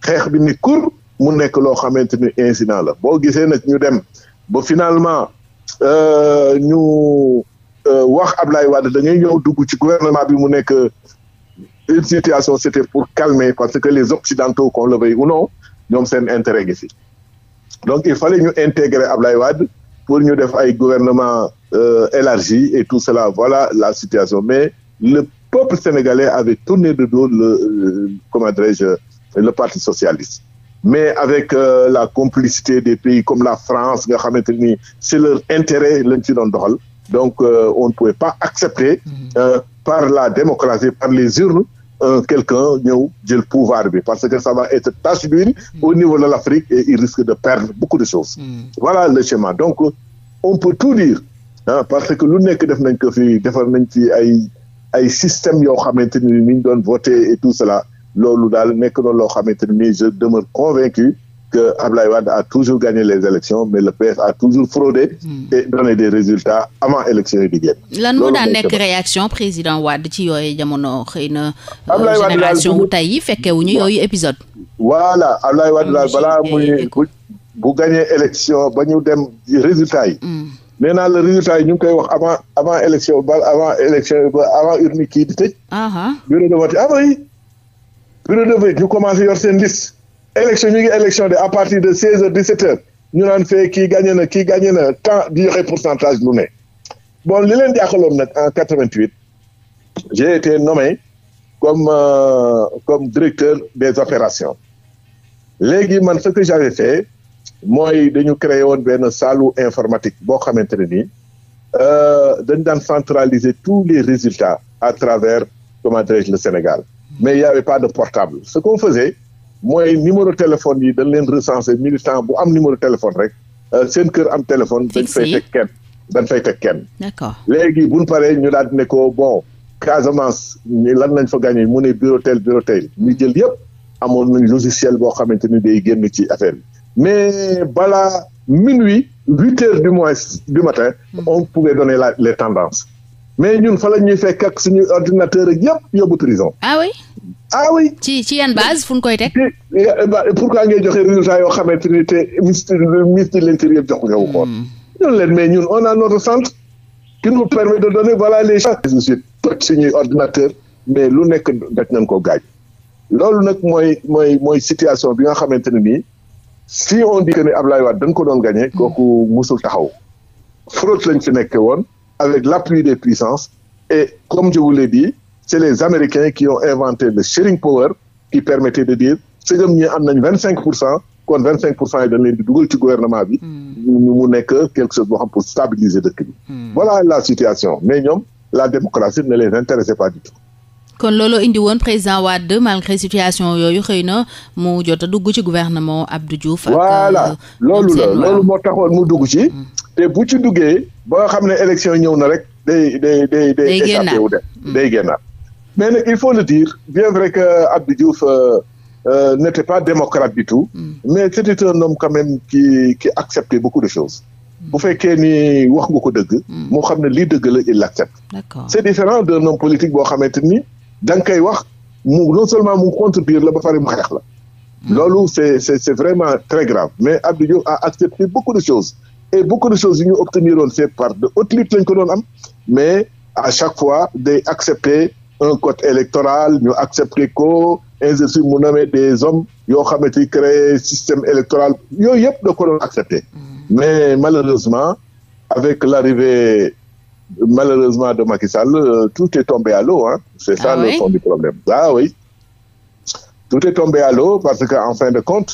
Speaker 2: xeex bi ni kur mu nekk loo xamante ni incident la boo gisee nag ñu dem boo finalement euh, ñu Euh, wax Ablaye Wade da ngay ñëw dugg ci gouvernement bi mu nekk euh, une situation c'était pour calmer parce que les occidentaux qu'on le veuille ou non ñoom seen intérêt gi si donc il fallait ñu intégrer Ablaye Wade pour ñu def ay gouvernement euh, élargi et tout cela voilà la situation mais le peuple sénégalais avait tourné de dos le euh, comment dirais-je le parti socialiste mais avec euh, la complicité des pays comme la France nga xamante ni c'est leur intérêt lañ ci doon doxal Donc, euh, on ne pouvait pas accepter mhm. euh, par la démocratie, par les urnes, euh, quelqu'un ñëw jël pouvoir bi parce que ça va être tâche d'huile mhm. au niveau de l'Afrique et il risque de perdre beaucoup de choses. Mhm. Voilà le schéma. Donc, on peut tout dire parce que lu nekk def nañ ko fi defar nañ ci ay ay système yoo xamante ni ni ñu doon voter et tout cela loolu daal nekk na loo xamante ni je demeure convaincu que Ablaye Wade a toujours gagné les élections mais le PS a toujours fraudé. Hmm. et donné des résultats avant élection yi di génn. lan moo daan nekk
Speaker 1: réaction président Wade ci yooyu jamono xëy na. Euh, Ablaye Wade génération wu tey yi fekkewuñu yooyu
Speaker 2: épisode. voilà Ablaye Wade daal balaa hmm. muy gagné élection ba ñu dem résultat yi. Hmm. nee naa la yi ñu ngi wax avant élection ba avant élection ba avant urne kii ah, ah. bureau de vote ah ñu commencé yor seen liste. élection ñu ngi élection de à partir de seize heures dix-sept heures ñu naan fee kii gagné na kii gagné na temps di joxe pourcentage lu ne bon li leen jàkkaloon nag en quatre-vingt-huit j'ai été nommé comme euh, comme directeur des opérations léegi man ce que j'avais fait mooy dañu créer woon benn salu informatique boo xamante ne nii euh, dañ daan centraliser tous les résultats à travers comment dirais-je le Sénégal mais il y avait pas de portable ce qu'on faisait mooy numéro téléphone yi dañ leen recenser militant bu am numéro téléphone rek euh, seen kër am téléphone. dañ fay teg kenn dañ fay teg kenn. léegi bu ñu paree ñu daal di ne ko bon Casamance ñu lan lañ fa gagné mu ne bureau tel bureau tel ñu jël yëpp amoon nañ logiciel boo xamante ni day génn ci affaire mais bala minuit huit heures du mois du matin. Hmm. on pouvait donner la les tendances. mais ñun fa la ñuy fekk ak suñu ordinateur ak yëpp yóbbu prison.
Speaker 1: Ah, ah oui. ci ci yan base fu ñu koy teg.
Speaker 2: pourquoi ngay joxe résultat yoo xamante ni te ministre ministre de l'intérieur jox nga wu ko. Hmm. ñun leen mais ñun on a notre centre. qui nous permet de donner voilà les gens. toj suñuy ordinateur mais lu nekk daj nañ ko gaaj. loolu nag mooy mooy mooy situation bi nga xamante ne nii si on dit que ne Ablaye Wade dañ ko doon gagné. kooku musul taxaw. fraude lañ si nekkee woon. avec l'appui des puissances. Et comme je vous l'ai dit, c'est les Américains qui ont inventé le sharing power qui permettait de dire sëgëm ñi am nañ vingt cinq pour cent kon vingt cinq pour cent yi dañ leen di dugal ci gouvernement bi. ñu hmm. mu nekk quelque chose boo xam pour stabiliser dëkk bi. Hmm. voilà la situation mais ñoom la démocratie ne les intéressait pas du tout.
Speaker 1: kon looloo indi woon président Wade malgré situation yooyu xëy na mu jot a dugg ci gouvernement Abdou Diouf. ak voilà euh, loolu la loolu
Speaker 2: moo taxoon mu dugg ci. Hmm. te bu ci duggee ba xam ne élection ñëw na rek day day day day échappé wu dem hmm. mais ne il faut le dire bien vrai que Abdou Diouf Euh, euh n'était pas démocrate du tout mm. mais c'était un homme quand même ki qui acceptait beaucoup de choses hmm. bu fekkee ni wax nga ko dëgg moo hmm. xam ne lii dëgg la il l'accepte c'est différent d'un homme politique boo xamante ni da nga koy wax mu non seulement mu contredire la ba pare mu xeex la loolu c'est c'est vraiment très grave mais Abdou Diouf a accepté beaucoup de choses et beaucoup de choses yu ñu obtenir woon de haute lutte lañ ko doon am mais à chaque fois day accepter un code électoral ñu accepter ko ainsi mu nommer des hommes yoo xamante ni créer système électoral yooyu yëpp da ko doon accepter mm. mais malheureusement avec l'arrivée malheureusement de Macky Sall euh, tout est tombé à l'eau c'est ça ah le du problème ah oui tout est tombé à l'eau parce que en fin de compte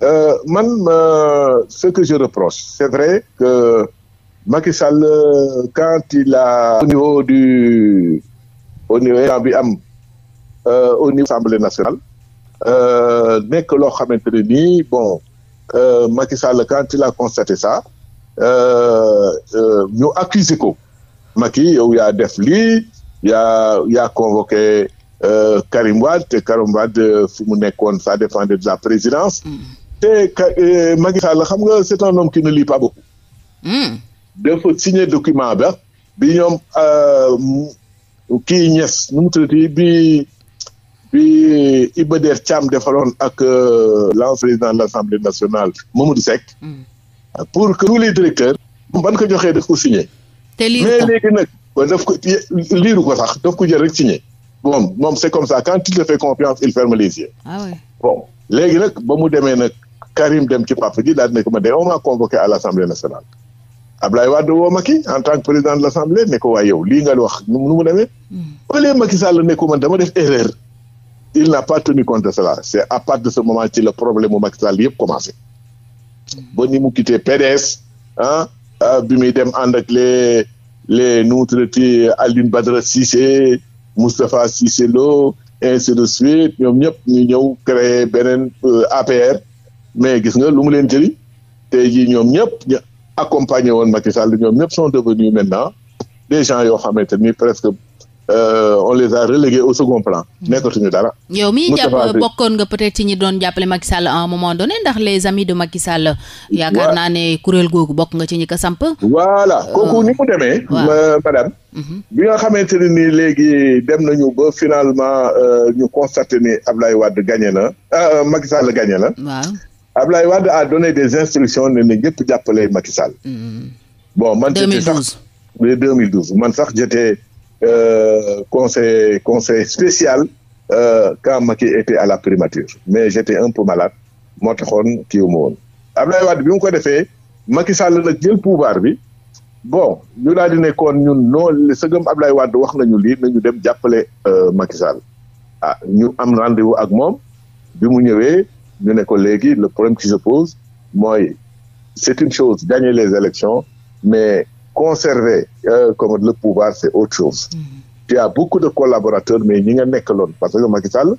Speaker 2: Euh, man euh, ce que je reproche c'est vrai que Macky Sall euh, quand il a au niveau du au niveau bi am au niveau Assemblée nationale nekk loo xamante ni nii bon Macky Sall quand il a constaté ça ñu accusé ko Macky yow ya def li yaa yaa convoqué Karim Wade te Karim Wade fi mu nekkoon ça dépendait de la présidence. Mm. te eh, Macky Sall xam nga c'est un homme qui ne lit pas beaucoup. Hmm. dafa signé document ba bi ñoom euh, kii ñes numu mu tuddati bi bi Iba Der Thiam defaloon ak euh, l'ancien président de l'Assemblée nationale Mamadou Seck. Hmm. pour que tous les directeurs. ban ko joxee daf ko signé. te mais léegi nag daf ko sax daf ku jël rek signé. bon moom c'est comme ça quand il te fait confiance il ferme les yeux. ah léegi nag ba mu demee nag Karim dem ci papa ji daal di nekk ma de a m'a convoqué à nationale Ablaye Wade woo Macky en tant que président de l' assemblée ne ko waaye yow lii nga wax nu mu demee. ba hmm. léegi Macky Sall ne ko man dama def erreur. il n'a pas tenu compte de cela c' est à partir de ce moment ci le problème mu Macky Sall yëpp hmm. ba ni mu quitté PDS ah, ah bi muy dem ànd ak les les nu mu tuddati Lo ainsi de suite ñoom ñëpp ñu ñëw créé beneen euh, APR. mais gis nga lu mu leen jëriñ tey jii ñoom ñëpp ñu accompagné woon Macky Sall ñoom ñëpp sont devenus maintenant des gens yoo xamante ni presque Euh, on les a relégués au second plan. Hmm. nekkatuñu dara.
Speaker 1: yow miy jàpp bokkoon nga peut-être ci ñi doon jàppale Macky Sall à un moment donné ndax les amis de Macky Sall. yaakaar naa ne kuréel googu bokk nga ci ñi ko samp.
Speaker 2: voilà euh, kooku ni mu demee. madame. Mhm. bi nga xamante ne ni léegi dem nañu ba finalement euh, ñu constaté ni Ablaye Wade gagné na euh, Macky Sall gagné na. waaw Ablaye Wade a donné des instructions ne ne ñëpp jàppale Macky Sall. Mm-hmm. bon man. 2012 sax 2012 man sax j'étais euh, conseil conseil spécial euh, quand Macky était à la primature mais j'étais un peu malade moo taxoon kii wu ma woon. Ablaye Wade bi ko defee Macky Sall nag jël pouvoir bi bon ñu daal di nekkoon ñun non sëgëm Ablaye Wade wax na nañu lii nañu dem jàppale euh, Macky Sall ah ñu am rendez-vous ak moom bi mu ñëwee. ñu ne ko léegi le problème qui se pose mooy c'est une chose gagner les élections mais conserver euh, comme le pouvoir c'est autre chose mm -hmm. tu as beaucoup de collaborateurs mais ñi nga nekkaloon parce que Macky Sall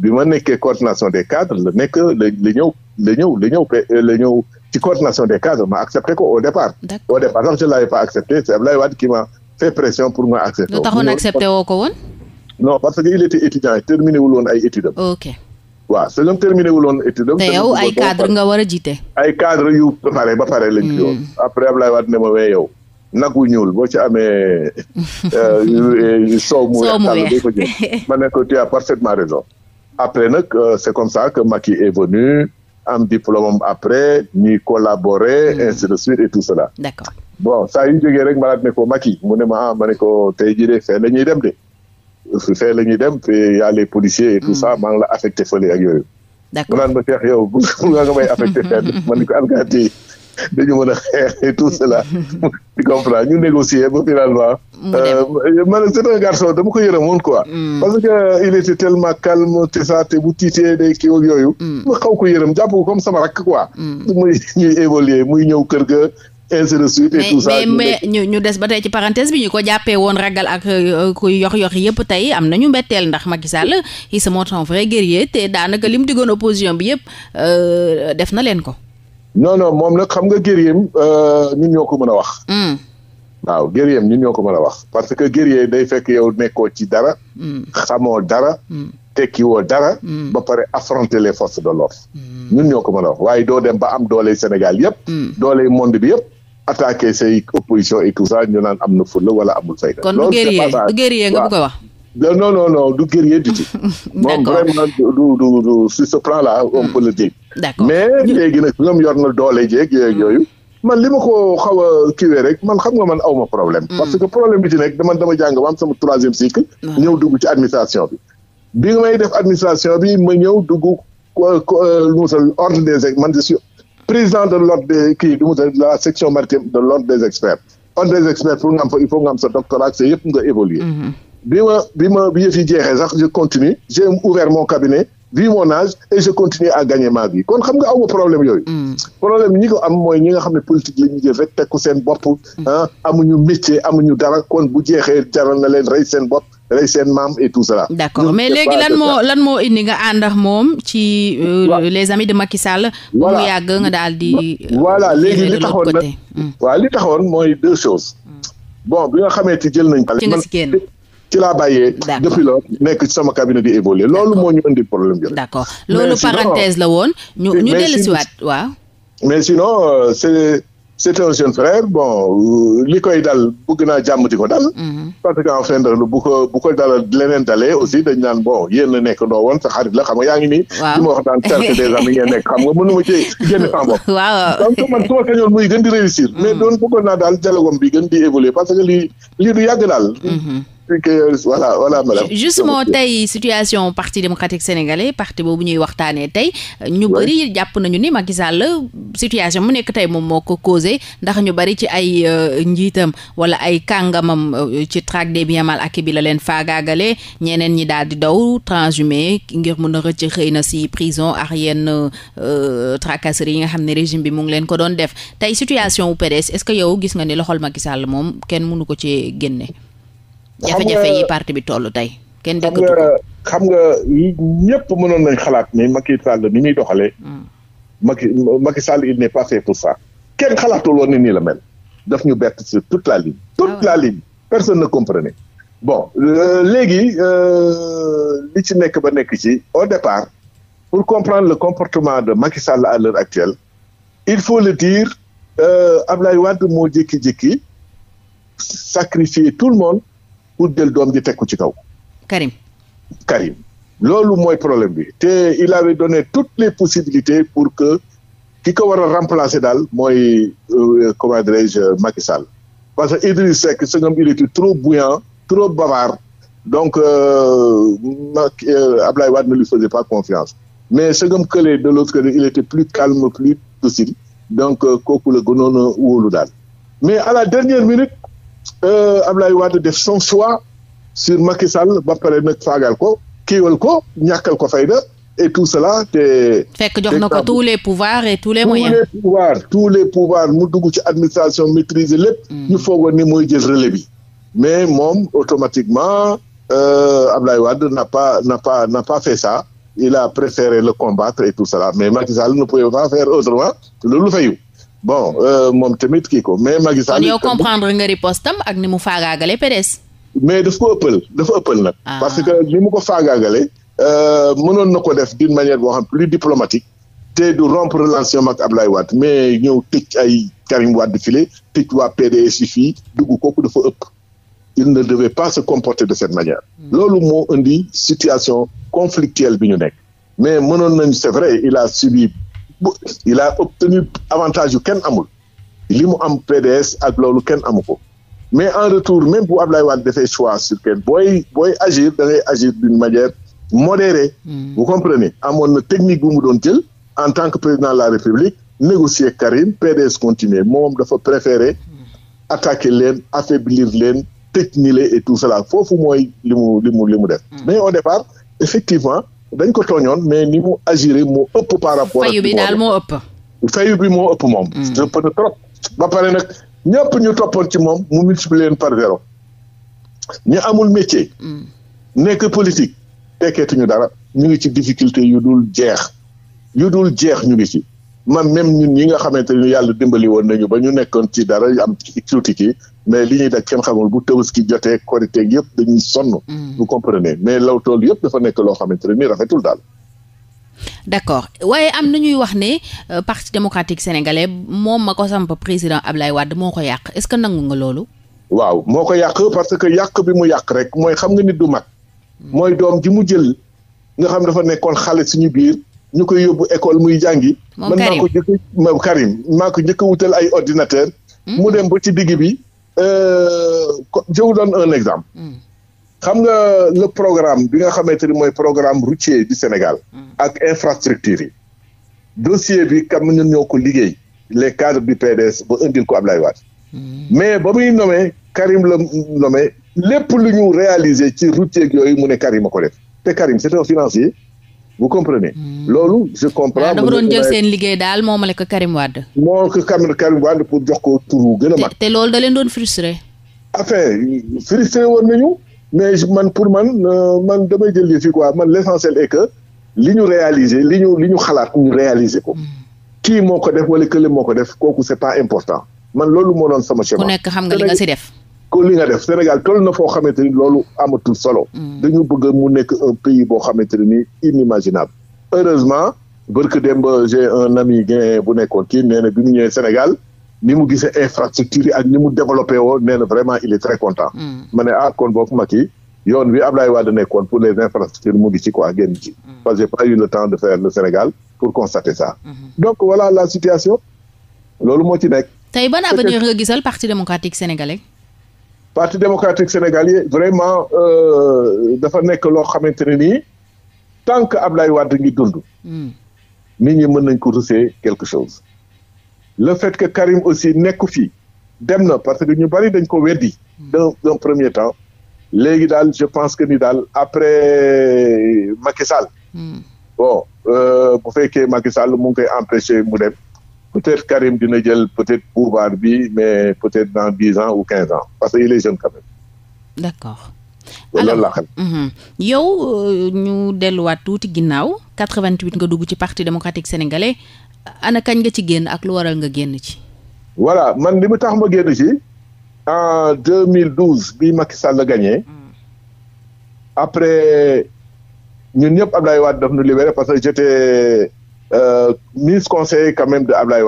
Speaker 2: bi ma nekkee coordination des cadres la nekk la la ñëw la ñëw la ñëw euh, la ñëw ci coordination des cadres ma accepté ko au départ au départ sax je l'avais pas accepté c'est pression pour ma accepter lu taxoon accepté parce que était étudiant terminé wul woon ay études waaw sa ñoom terminé wu loon étude am. te yow ay cadre
Speaker 1: nga war a jiite.
Speaker 2: ay cadre yu ba pare ba pare lañ ci yoon. Hmm. après Ablaye Wade ne ma wee yow. nag wu ñuul boo ci amee. Euh, soow mu weex ko jël ma ne ko tu as parfaitement raison. après nag euh, c'est comme ça que Macky est venu am diplôme après ñuy collaborer mm. ainsi de suite et tout cela. d'accord bon saa yu jógee rek ma ko Macky mu ne ma ah ma ne ko tey jii de fee la ñuy dem fee la ñuy dem y a les policiers et tout mm. ça maa ngi la affecté fële ak yooyu mu naan ma seex yow bu nga nga may affecté fenn man ni ko alkaati yi dañu mën a xeex et tout cela tu comprends ñu négocier ba finalement euh, man c'est un garçon dama ko yërëmoon quoi mm. parce que euh, il était tellement calme te ça te bu tiitee day kii ak yooyu mm. ma xaw ko yërëm jàpp ko comme sama rakk quoi muy ñuy évoluer muy ñëw kër ga ainsi mais
Speaker 1: ñu des ba tey ci parenthèse bi ñu ko jàppee woon ragal ak euh, ku yox yox yëpp tey am nañu mbetteel ndax Macky Sall il se montre un vrai guerrier te daanaka li mu diggoon opposition bi yëpp euh, def na leen ko
Speaker 2: non non moom nag xam nga guerrier euh, ñun ñoo ko mën a wax hmm. waaw guerrier ñun ñoo ko mën a wax parce que guerrier day fekk yow nekkoo ci dara hmm. xamoo dara hmm. tekki woo dara ba pare affronter les forces de l'ordre ñun ñoo ko mën a wax waaye doo dem ba am doole Sénégal yëpp doole monde bi yëpp attaquer say opposition et tout ça ñu naan am na fulla wala amul fayda. kon du guerrier du guerrier nga bëgg a wax. non non non du guerrier du moom vraiment du du du sur ce plan là on hmm. peut mais léegi nag ñoom yor na doole jeeg hmm. yooyu. man li ma ko xaw a kiiwee rek man xam nga man aw ma problème. Hmm. parce que problème bi ci nekk dama dama jàng ba am sama troisième cycle. ñëw dugg ci administration bi. bi may def administration bi ma ñëw dugg ko ko euh, man je président de l'ordre des kii de la section maritime de l'ordre des experts ordre des experts pour nga am fa il faut nga sa doctorat c'est yëpp nga évoluer mm-hmm. bi ma bi ma bi sax je continue j'ai ouvert mon cabinet vu mon âge et je continue à gagner ma vie kon xam nga aw problème yooyu mm. problème ñi ko am mooy ñi nga xam ne politique la ñu jëf tekku seen bopp mm. ah amuñu métier amuñu dara kon bu jeexee jaral na leen rey seen bopp rey seen maam et tout cela. d' mais léegi
Speaker 1: lan moo indi nga ànd ak moom ci. Euh, les amis de Macky Sall. voilà mu yàgg nga daal di. Euh, voilà léegi li taxoon nag
Speaker 2: hmm. waaw li taxoon mooy deux choses. Hmm. bon bi nga xamee ci jël nañ ci nga si génn ci laa bàyyee. depuis lors nekk ci sama cabinet di évoluer loolu moo ñu indi problème bi.
Speaker 1: d' accord loolu parenthèse la woon. ñu ñu dellusiwaat
Speaker 2: waaw. mais sinon euh, c' est c'est un jeune frère bon li koy dal bëgg naa jàmm di ko dal. Mhm. parce que en fin de bu ko bu ko dalal leneen dalee aussi dañ naan bon yéen nekk ndoo woon sa xarit la xam nga yaa ngi nii. waaw li ma wax daan cercle des nekk xam nga mënu ma cee génn sans bopp. waaw donc man su ma sañoon muy gën di réussir. mais mhm. doon bëggoon naa daal dialogue bi gën di évoluer parce que lii lii du yàgg daal. Mhm. Euh, voilà voilà tey
Speaker 1: situation parti démocratique sénégalais parti boobu ñuy waxtaanee tey. Euh, ñu bëri jàpp nañu ni Macky Sall situation mu nekk tey moom moo ko causé ndax ñu bari ci ay euh, njiitam wala ay kàngamam ci traque des biens mal acquis bi leen faagaagale ñeneen ñi daal di daw transhumé ngir mun a rëcc xëy na si prison ak yenn tracasserie yi nga xam ne régime bi mu ngi leen ko doon def tey situation wu PDS est-ce que yow gis nga ni loxol Macky moom kenn mënu ko ci génne. jafe-jafe yi parti bi toll tey
Speaker 2: kenn dégg nga xam nga ñëpp mënoon nañ xalaat ni Macky Sall ni muy doxalee hmm. Macky Macky Sall il n'est pas pour ça kenn xalaatul woon ni nii la mel daf ñu bett sur toute la ligne toute ah la ligne personne ne comprenait bon euh, léegi euh, li ci nekk ba nekk ci au départ pour comprendre le comportement de Macky Sall à l'heure actuelle il faut le dire euh, Ablaye Wade moo jékki-jékki sacrifier tout le monde pour del doom ji teg ko ci kaw. Karim. Karim loolu mooy problème bi te il avait donné toutes les possibilités pour que ki ko war a remplacer daal mooy euh, comment dirais-je Macky Sall parce que Idriss Seck sa ngam il était trop bouillant trop bavard donc euh, Macky euh, Ablaye Wade ne lui faisait pas confiance mais sa ngam kële de l'autre côté il était plus calme plus docile donc kooku la gënoon a wóolu daal mais à la dernière minute Euh, Ablaye Wade def son choix sur Macky Sall ba pare nag faagal ko kiiwal ko ñàkkal ko fayda et tout cela te. fekk jox na ko tous
Speaker 1: les pouvoirs et tous les moyens.
Speaker 2: tous les pouvoirs les pouvoirs mu dugg ci administration maîtriser lépp. Hmm. ñu foogoon ni mooy jël relais bi. mais moom automatiquement euh, Ablaye Wade n'a pas n'a pas n'a pas fait ça il a préféré le combattre et tout cela mais Macky Sall ne pouvait pas faire autrement loolu fayu bon euh, moom tamit kii ko mais Macky Sall. yow
Speaker 1: comprendre nga ripostam ak ni mu faagaagalee PDS.
Speaker 2: mais daf ko ëppal dafa ëppal nag. Ah. parce que ni mu ko faagaagalee. Euh, mënoon na ko def d'une manière boo xam plus diplomatique. te du rompre relation ak Ablaye Wade mais ñëw tëj ay Karim Wade file tëj waa PDS yi fii dugg kooku dafa ëpp. il ne devait pas se comporter de cette manière. Hmm. loolu moo indi situation conflictuelle bi ñu nekk. mais mënoon nañ c'est vrai il a subi il a obtenu avantage u kenn amul li mu am PDS ak loolu kenn amu ko mais en retour même bu Ablaye Wade defee choix sur kenn booy booy agir da ngay agir d'une manière modérée. Mm. comprenez amoon na technique bu mu doon jël en tant que président de la République négocier Karim PDS continuer moom dafa préférer attaquer leen affaiblir leen tëj ni leen et tout cela foofu mooy li mu li mu li mu def. Hmm. mais au départ effectivement. dañ ko tooñoon mais ni mu agiré mu ëpp par rapport ak fayu bi daal moo ëpp. bi moo ëpp moom. Mm. ëpp na trop. ba pare nag ñëpp ñu toppoon ci moom mu multiplier leen par zéro ñu amul métier. Mm. nekk politique tekkeetuñu dara ñu ngi ci difficulté yu dul jeex yu dul jeex ñu ngi ci. man même ñun ñi nga xamante ni yàlla dimbali woon nañu ba ñu nekkoon ci dara am ci tuuti kii mais li ñuy daj kenn xamul bu tabaski jotee korite yëpp dañuy sonn. Mm. vous comprenez mais law tool yëpp dafa nekk loo xamante ne nii rafetul daal.
Speaker 1: d'accord waaye am na ñuy wax ne euh, parti démocratique sénégalais moom ma ko samp président Ablaye Wade moo ko yàq est-ce que nangu nga loolu.
Speaker 2: waaw moo ko yàq parce que yàq bi mu yàq rek mooy xam nga nit du mag. Mm. mooy doom ji mu jël nga xam dafa nekkoon xale suñu biir. ñu koy yóbbu école muy jàngi. man maa ko njëkk ma Karim maa ko njëkk wutal ay ordinateur mm. mu dem ba ci digg bi Euh, je vous donne un exemple. Hmm. xam nga la programme bi nga xamante ni mooy programme routier du Sénégal. Hmm. ak infrastructure yi. dossier bi kam ñun ñoo ko liggéey. les cadres du PDS ba indil ko Ablaye Wade. Hmm. mais ba muy nommé Karim la nommé lépp lu ñu réaliser ci routier yooyu mu ne Karim a ko def te Karim c'est un financier. vous comprenez. Hmm. loolu je ah, doon jël seen
Speaker 1: liggéey daal moomale ko Karim Wade.
Speaker 2: moo pour jox ko turu gën
Speaker 1: te loolu da doon frustré.
Speaker 2: affaire frustré woon nañu mais man pour man euh, man damay jël li fi quoi man l' essentiel est que li ñu réaliser li ñu li ñu xalaat ñu réaliser ko. Hmm. kii moo ko def wala kële moo ko def kooku c' pas important. man loolu moo doon sama chemin. ku nekk xam nga li nga si def. ko li nga def Sénégal toll na foo xamante ni loolu amatul solo. Mm. dañu bëgg mu nekk un pays boo xamante ni inimaginable. heureusement barke Demba j'ai un ami guinéen bu nekkoon kii nee na bi mu ñëwee Sénégal ni mu gisee infrastructure yi ak ni mu développé woo nee na vraiment il est très content. Mm. ma ne ah kon boobu mag yi yoon bi Abdoulaye Wade nekkoon pour les infrastructures mu ngi ci quoi génn ci. Mm. parce que pas eu le temps de faire le Sénégal pour constater ça. Mm-hmm. donc voilà la situation loolu moo ci nekk.
Speaker 1: tey ban avenir nga gisal parti démocratique
Speaker 2: parti démocratique sénégalais vraiment euh, dafa nekk loo xamante ni nii tant que Ablaye Wade ngi dund. Hmm. ni ñi mën nañ ko russer quelque chose. le fait que Karim aussi nekku fi dem na parce que ñu bari dañ ko weddi. Hmm. d'un d'un premier temps. léegi daal je pense que ni daal après Macky Sall. Hmm. bon euh, bu fekkee Macky Sall mu ngi koy empêcher mu dem. peut-être Karim dina jël peut-être pouvoir bi mais peut-être dans dix ans ou quinze ans parce que il est jeune quand même. d'accord. alors loolu
Speaker 1: mhm. yow euh, ñu delluwaat tuuti ginnaaw 88 nga dugg ci parti démocratique sénégalais ana kañ nga ci génn ak lu waral nga génn ci.
Speaker 2: voilà man li mu tax ma génn ci en 2012 bi Macky Sall gagné. Mm. après ñun ñëpp Abdoulaye Wade daf nu libéré parce que j'étais Euh, ministre conseiller quand même de Ablaye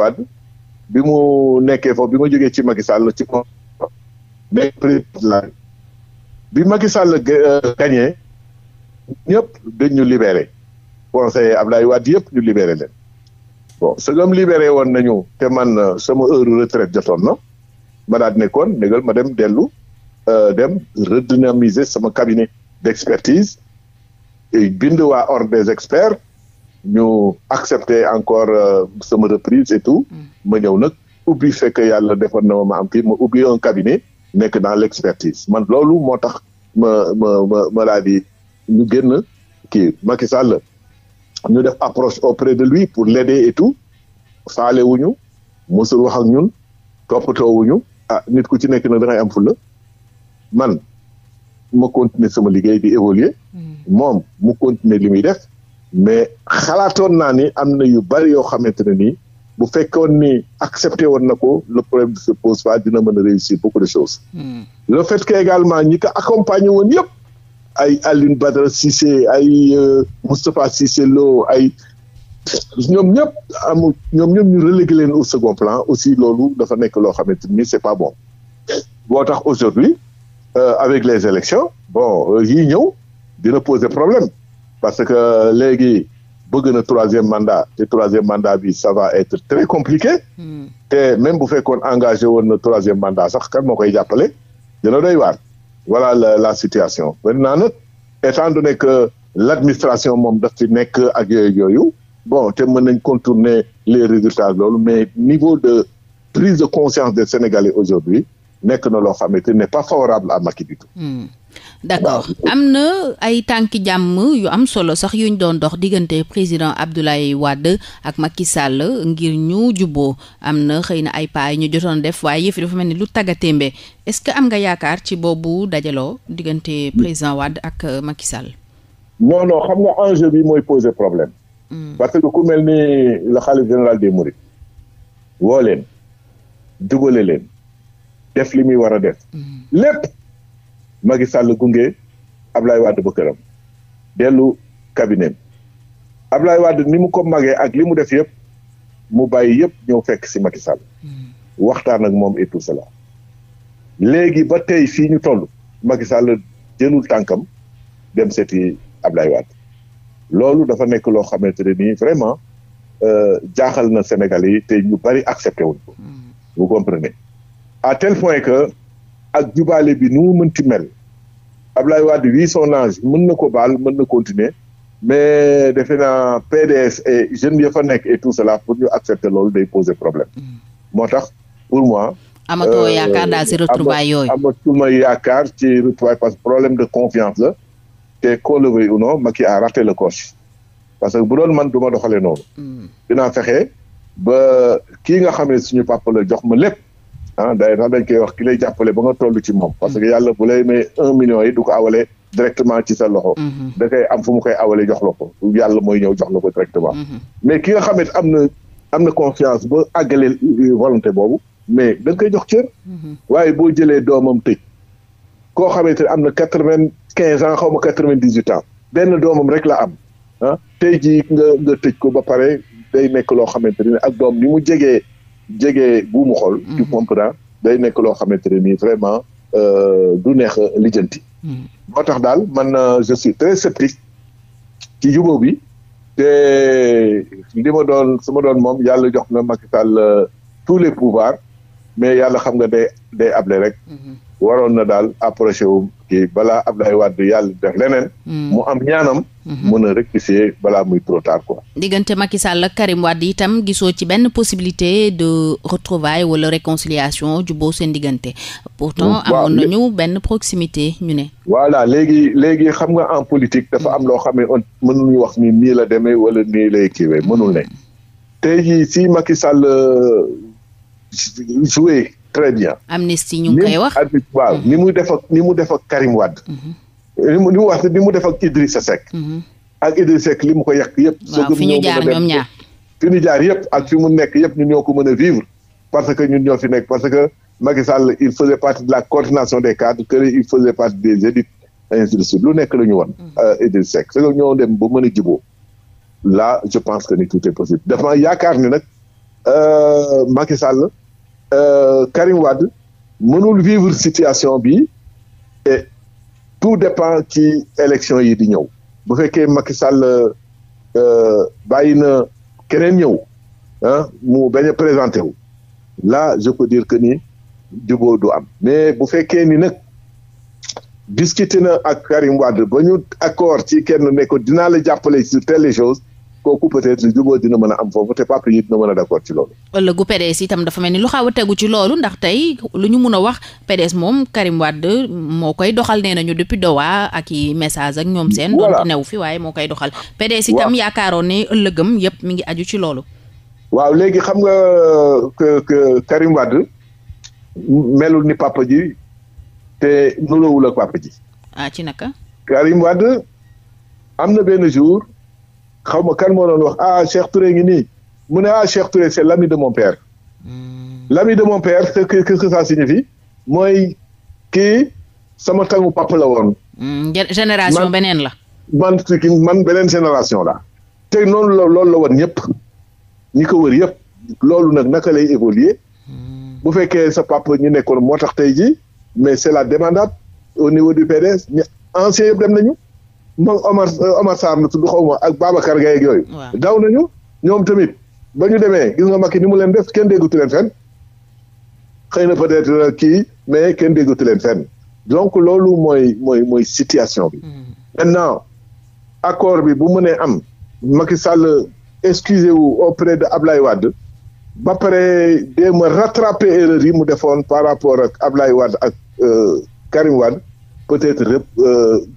Speaker 2: bi mu nekkee foofu bi mu jógee ci Macky Sall ci moom nekk président la bi Macky Sall euh, gagné ñëpp dañu libéré conseiller Ablaye Wade yëpp ñu libeere leen bon segam libéré woon nañu te man euh, sama heure retraite jotoon na ma daal nekkoon négal ma dem dellu dem redynamiser sama cabinet d'expertise bind waa ordre des experts ñu accepter encore euh, sama reprise et tout mm. ma ñëw nag ubbi fekk yàlla defoon na ma ma am kii ma ubbi un cabinet nekk dans l' expertise man loolu moo tax ma ma ma ma laa di ñu génn ñu def approche auprès de lui pour l'aider et tout faale wuñu mosul wax ak ñun toppatoo wuñu ah nit ku ci nekk nag da am fulla man ma continuer sama liggéey di évoluer mm. moom mu continuer li def mais xalaatoon naa ni am na yu bari yoo xamante ne nii bu fekkoon ni accepté woon na ko le problème ne se pose pas dina mën a réussir beaucoup de choses. loo hmm. le fait que également ñi ko accompagné woon yëpp ay Alioune Badara Cissé ay euh, Moustapha Cissé Lo ay ñoom ñëpp amul ñoom ñëpp ñu relégué leen au second plan aussi loolu dafa nekk loo xamante ni c'est pas bon boo tax aujourd'hui euh, avec les élections bon euh, yii ñëw dina poser problème. parce que léegi bëgg na troisième mandat te troisième mandat bi ça va être très compliqué. Hmm. te même bu fekkoon engagé woon na troisième mandat sax kan moo koy jàppale. dina doy waar voilà la situation maintenant nag étant donné que l' administration moom daf ci nekk ak yooyu yooyu bon te mën nañ contourner les résultats loolu mais niveau de prise de conscience des Sénégalais aujourd'hui nekk na loo xamante n'est pas favorable à Macky du tout.
Speaker 3: Hmm.
Speaker 1: d'accord am na ay tànki jàmm yu am solo sax yuñ doon dox diggante président Abdoulaye Wade ak Macky Sall ngir ñu juboo am na xëy na ay pas yi ñu jotoon def waaye yëf yi dafa mel ni lu taggatémbe est-ce que am nga yaakaar ci boobu dajaloo diggante président Wade ak euh, Macky Sall.
Speaker 2: non non xam nga enjeu bi mooy poser problème. Hmm. parce que ku mel ni le khalife général des mourides woo leen dugale leen def li muy war a def. Hmm. lépp. Macky Sall gunge ablay Wade ba këram dellu cabinet Ablaye Wade ni mu ko magee ak li mu def yëpp mu bàyyi yëpp ñëw fekk si Macky Sall hmm. waxtaan ak moom et tout cela léegi ba tey fii ñu toll Macky Sall jëlul tànkam dem seti Ablaye Wade loolu dafa nekk loo xamante ne nii vraiment euh, jaaxal na Sénégal yi te ñu bari accepté wuñ ko hmm. vous comprenez à tel que ak jubaale bi nu mu mënti mel Ablaye Wade wii son âge mën na ko baal mën na continuer mais defe naa PDS et jeunes ya fa nekk et tout cela pour ñu accepter loolu day poser problème mm. moo tax pour moi. amatuma euh, yaakaar daal si retrouvailles yooyu amatuma ci retrouvailles parce que problème de confiance la te qu'on le veuille ou non Macky a raté le coche parce que bu doon man du ma doxalee noonu. Mm. dinaa fexe ba kii nga xam ne suñu papa la jox ma lépp. ah da sax dañ koy wax ki lay jàppale ba nga toll ci moom parce que mm-hmm. yàlla bu lay may un million yi du ko awalee directement ci sa loxo mm-hmm. da koy am fu mu koy awalee jox la ko yàlla mooy ñëw jox la ko directement mm-hmm. mais ki nga xam ne am na confiance ba àggale euh, volonté boobu mais da nga koy jox cër waaye boo jëlee doomam tëj koo xamante ne am na quatre vingt quinze ans xaw ma quatre vingt dix huit ans benn doomam rek la am ah tey nga nga tëj ko ba pare day nekk loo xamante ne ak doom ni mu jege buumu xol. Mm-hmm. tu comprends day nekk loo xamante ne nii vraiment euh, du neex lijjanti. Mm-hmm. moo tax daal man euh, je suis très sceptique ci jubóo bi te li ma doon su ma doon moom yàlla jox na Macky Sall euh, tous les pouvoirs mais yàlla xam nga de day able rek. Mm-hmm. waroon na daal approché wu bala balaa Abdoulaye Wade yàlla def leneen. Hmm. mu am ñaanam. Hmm. mën a rectifier balaa muy trop tard quoi.
Speaker 1: diggante Macky Sall ak Karim Wade itam gisoo ci benn possibilité de retrouvaille wala réconciliation juboo seen diggante. pourtant hmm. amoon nañu benn proximité ñu ne.
Speaker 2: voilà léegi léegi xam nga en politique dafa am loo xam ne on mënul wax ni nii la demee wala nii lay kiiwee mënul ne. tey si Macky Sall euh, très bien.
Speaker 1: amnistie ñu ngi koy wax
Speaker 2: waaw mhm. ni mu def ni mu def ak Karim Wade. ni mhm. mu ni mu wax ni mu def ak Idrissa Seck. Mhm. ak Idrissa Seck li mu ko yàq yëpp. waaw fi ñu jaar ñoom ñaar fi ñu jaar yëpp ak fi mu nekk yëpp ñu ñoo ko mën a vivre parce que ñun ñoo fi nekk parce que Macky Sall il faisait partie de la coordination des cadres que il faisait partie des élites ainsi de suite lu nekk la ñu woon. Euh, Idrissa Seck c'est dem ba mën a là je pense que ni tout est possible dafa yaakaar ni nag euh, Macky Euh, Karim Wade mënul vivre situation bi et tout dépend ci élection yi di ñëw bu fekkee Macky Sall euh, bàyyi na keneen ñëw ah mu bañ a présenté wu là je peux dire que ni jubóo du am mais bu fekkee ni nag discuté na ak Karim Wade ba ñu accord ci kenn ne ko dinaa la jàppale sur telle chose kooku peut être jubóo dina mën a am foofu te pape dina mën a d' ci loolu.
Speaker 1: ëllëgu PDS itam dafa mel ni lu xaw a tegu ci loolu ndax tey lu ñu mun a wax PDS moom Karim Wade moo koy doxal nee nañu depuis Doha ak i message ak ñoom seen. voilà doon new fi waaye moo koy doxal. PDS itam yaakaaroon ne ëllëgëm yëpp mu ngi aju ci loolu.
Speaker 2: waaw léegi xam nga euh, que Karim Wade melul ni papa te nuroowul ak papa ah, ji. ci naka. Karim Wade am na benn jour. xaw ma kan moo doon wax ah Cheikh Touré ngi nii mu ne ah Cheikh Touré c' est l' ami de mon père. Hmm. l' ami de mon père c' que qu' est signifie mooy kii sama tangu papa la woon.
Speaker 1: Hmm, génération beneen la.
Speaker 2: man man beneen génération la. te noonu la loolu la woon ñëpp ñi ko wër yëpp loolu nag naka lay évoluer hmm. bu fekkee sa papa ñu nekkoon moo tax tey jii mais c' la demandade au niveau du PDS ñu ancien dem nañu. moom Omar euh, Omar Sarr la tudd xaw ak Babacar Gaye ak yooyu. daw nañu ñoom tamit ba ñu demee gis nga Macky ni mu leen def kenn déggatu leen fenn xëy na peut-être euh, kii mais kenn déggatu leen fenn donc loolu mooy mooy mooy situation bi. Hmm. maintenant accord bi bu mënee am maki Sall excusez wu auprès de Ablaye Wade ba pare dem a rattraper mu defoon par rapport ak Ablaye Wade ak euh, Karim Wade peut-être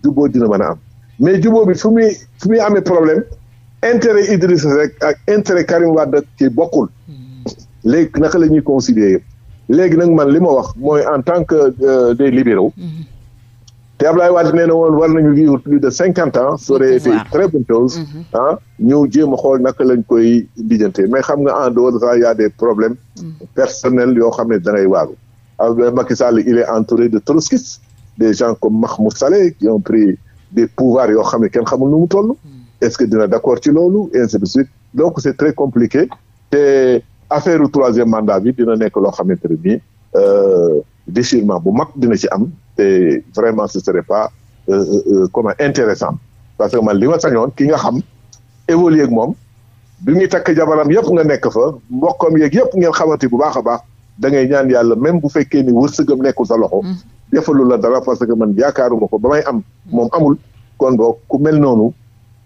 Speaker 2: jubóo dina mën a am. mais jubóo bi fu muy fu muy amee problème intérêt Idriss rek ak intérêt Karim Wade ci bokkul hmm. léegi naka la ñuy considérer léegi nag man li ma wax mooy en tant que euh, des libéraux hmm. te Ablaye Wade nee na woon war ñu vivre plus de cinquante ans ça aurait été très bonne chose hmm. ah, ñu jéem xool naka lañ koy lijjante mais xam nga en dehors de ça y a des problèmes personnels yoo xam ne dangay waaru Macky Sall il est entouré de trotskistes des gens comme Mahmoud Saleh qui ont pris des pouvoirs yoo xam ne kenn xamul nu mu toll. Hmm. est-ce que dina d'accord ci loolu et ainsi de suite donc c'est très compliqué te affaire troisième mandat bi dina nekk loo xamante ne nii euh, déchirement bu mag dina ci am te vraiment ce serait pas euh, euh, euh, comment intéressant parce que man li ma sañoon ki nga xam évoluer ak moom bi ñuy takk jabaram yëpp nga nekk fa mbokkam yeeg yëpp ngeen xamante bu baax a baax da ngay ñaan yàlla même bu fekkee ni wërsëgam nekkul sa loxo hmm. defalu la dara parce que man yaakaaruma ko ba may am moom amul kon boog ku mel noonu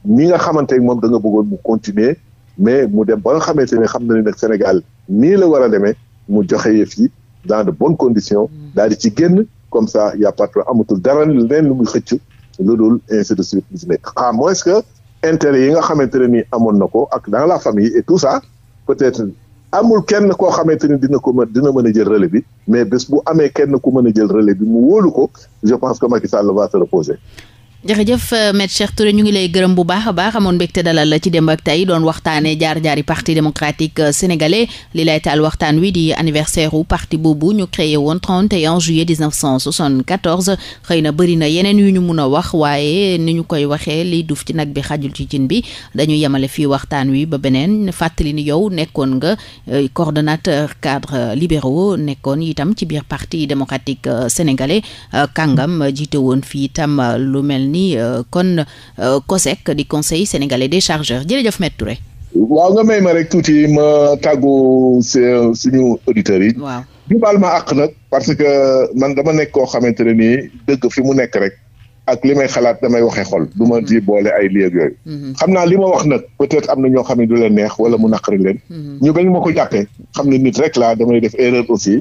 Speaker 2: ni nga xamante ne moom da nga bëggoon mu continuer mais mu dem ba nga xamante ne xam na ne nag Sénégal nii la war a demee mu joxe yëf yi dans de bonnes conditions mm. daal di ci génn comme ça y a amatul dara leen lu muy xëcc lu dul ainsi de à moins que intérêt yi nga xamante ne nii amoon na ko ak dans la famille et tout ça peut-être amul kenn koo xamante ni dina ko mën dina mën a jël relais bi mais bés bu amee kenn ku mën a jël relais bi mu wóolu ko je pense que Macky Sall va se
Speaker 1: jërëjëf euh, Maître Cheikh Touré ñu ngi lay gërëm bu baax a baax amoon mbégte dalal la ci démb ak tey doon waxtaanee jaar-jaari parti démocratique euh, sénégalais li lay taal waxtaan wi di anniversaire wu parti boobu ñu créé woon 31 juillet 1974 xëy na bëri na yeneen yu ñu mun a wax waaye ni ñu koy waxee liy duuf ci nag bi xajul ci cin bi dañu yemale fii waxtaan wi ba beneen fàttali ni yow nekkoon nga euh, coordonnateur cadre libéraux nekkoon itam ci biir parti démocratique sénégalais kàngam jiite woon fii itam lu mel ni ni euh, kon euh, COSEC di conseil sénégalais des chargeurs jërëjëf Maître Touré.
Speaker 2: waaw nga may ma rek tuuti ma tàggu suñu auditeurs yi. waaw ñu ma àq nag parce que man dama nekk koo xamante ne nii dëgg fi mu nekk rek. ak li may xalaat damay waxee xol mm-hmm. du ma di boole ay lieg mm-hmm. xam naa li ma wax nag peut-être am na ñoo xam ne du leen neex wala mu naqari leen mm-hmm. ñu bañ ma ko jàppee xam ne nit rek laa damay def erreur aussi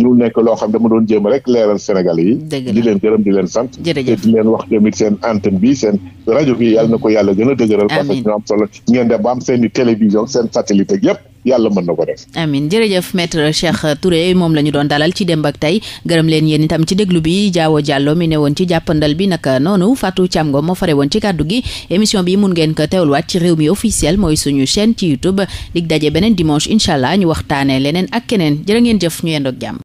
Speaker 2: ñu nekk loo xam dama doon jéem rek leeral Sénégalais yi di leen gërëm di leen sant te di leen wax tamit seen antenne bi seen rajo bi yàlla na ko yàlla gën a dëgëral parce que ñu am solo ngeen de am seen i télévision seen satellite yëpp yàlla mën na ko def.
Speaker 1: amiin jërëjëf maître Cheikh Touré moom la ñu doon dalal ci démb ak tey gërëm leen yéen itam ci déglu bi Diawo Diallo mi ne woon ci jàppandal bi naka noonu Fatou Thiam Ngom moo fare woon ci kàddu gi émission bi mun ngeen ko teewluwaat ci réew mi officiel mooy suñu
Speaker 3: chaîne ci YouTube dig daje beneen dimanche incha allah ñu waxtaanee leneen ak keneen jërë ngeen jëf ñu yendoog jàmm.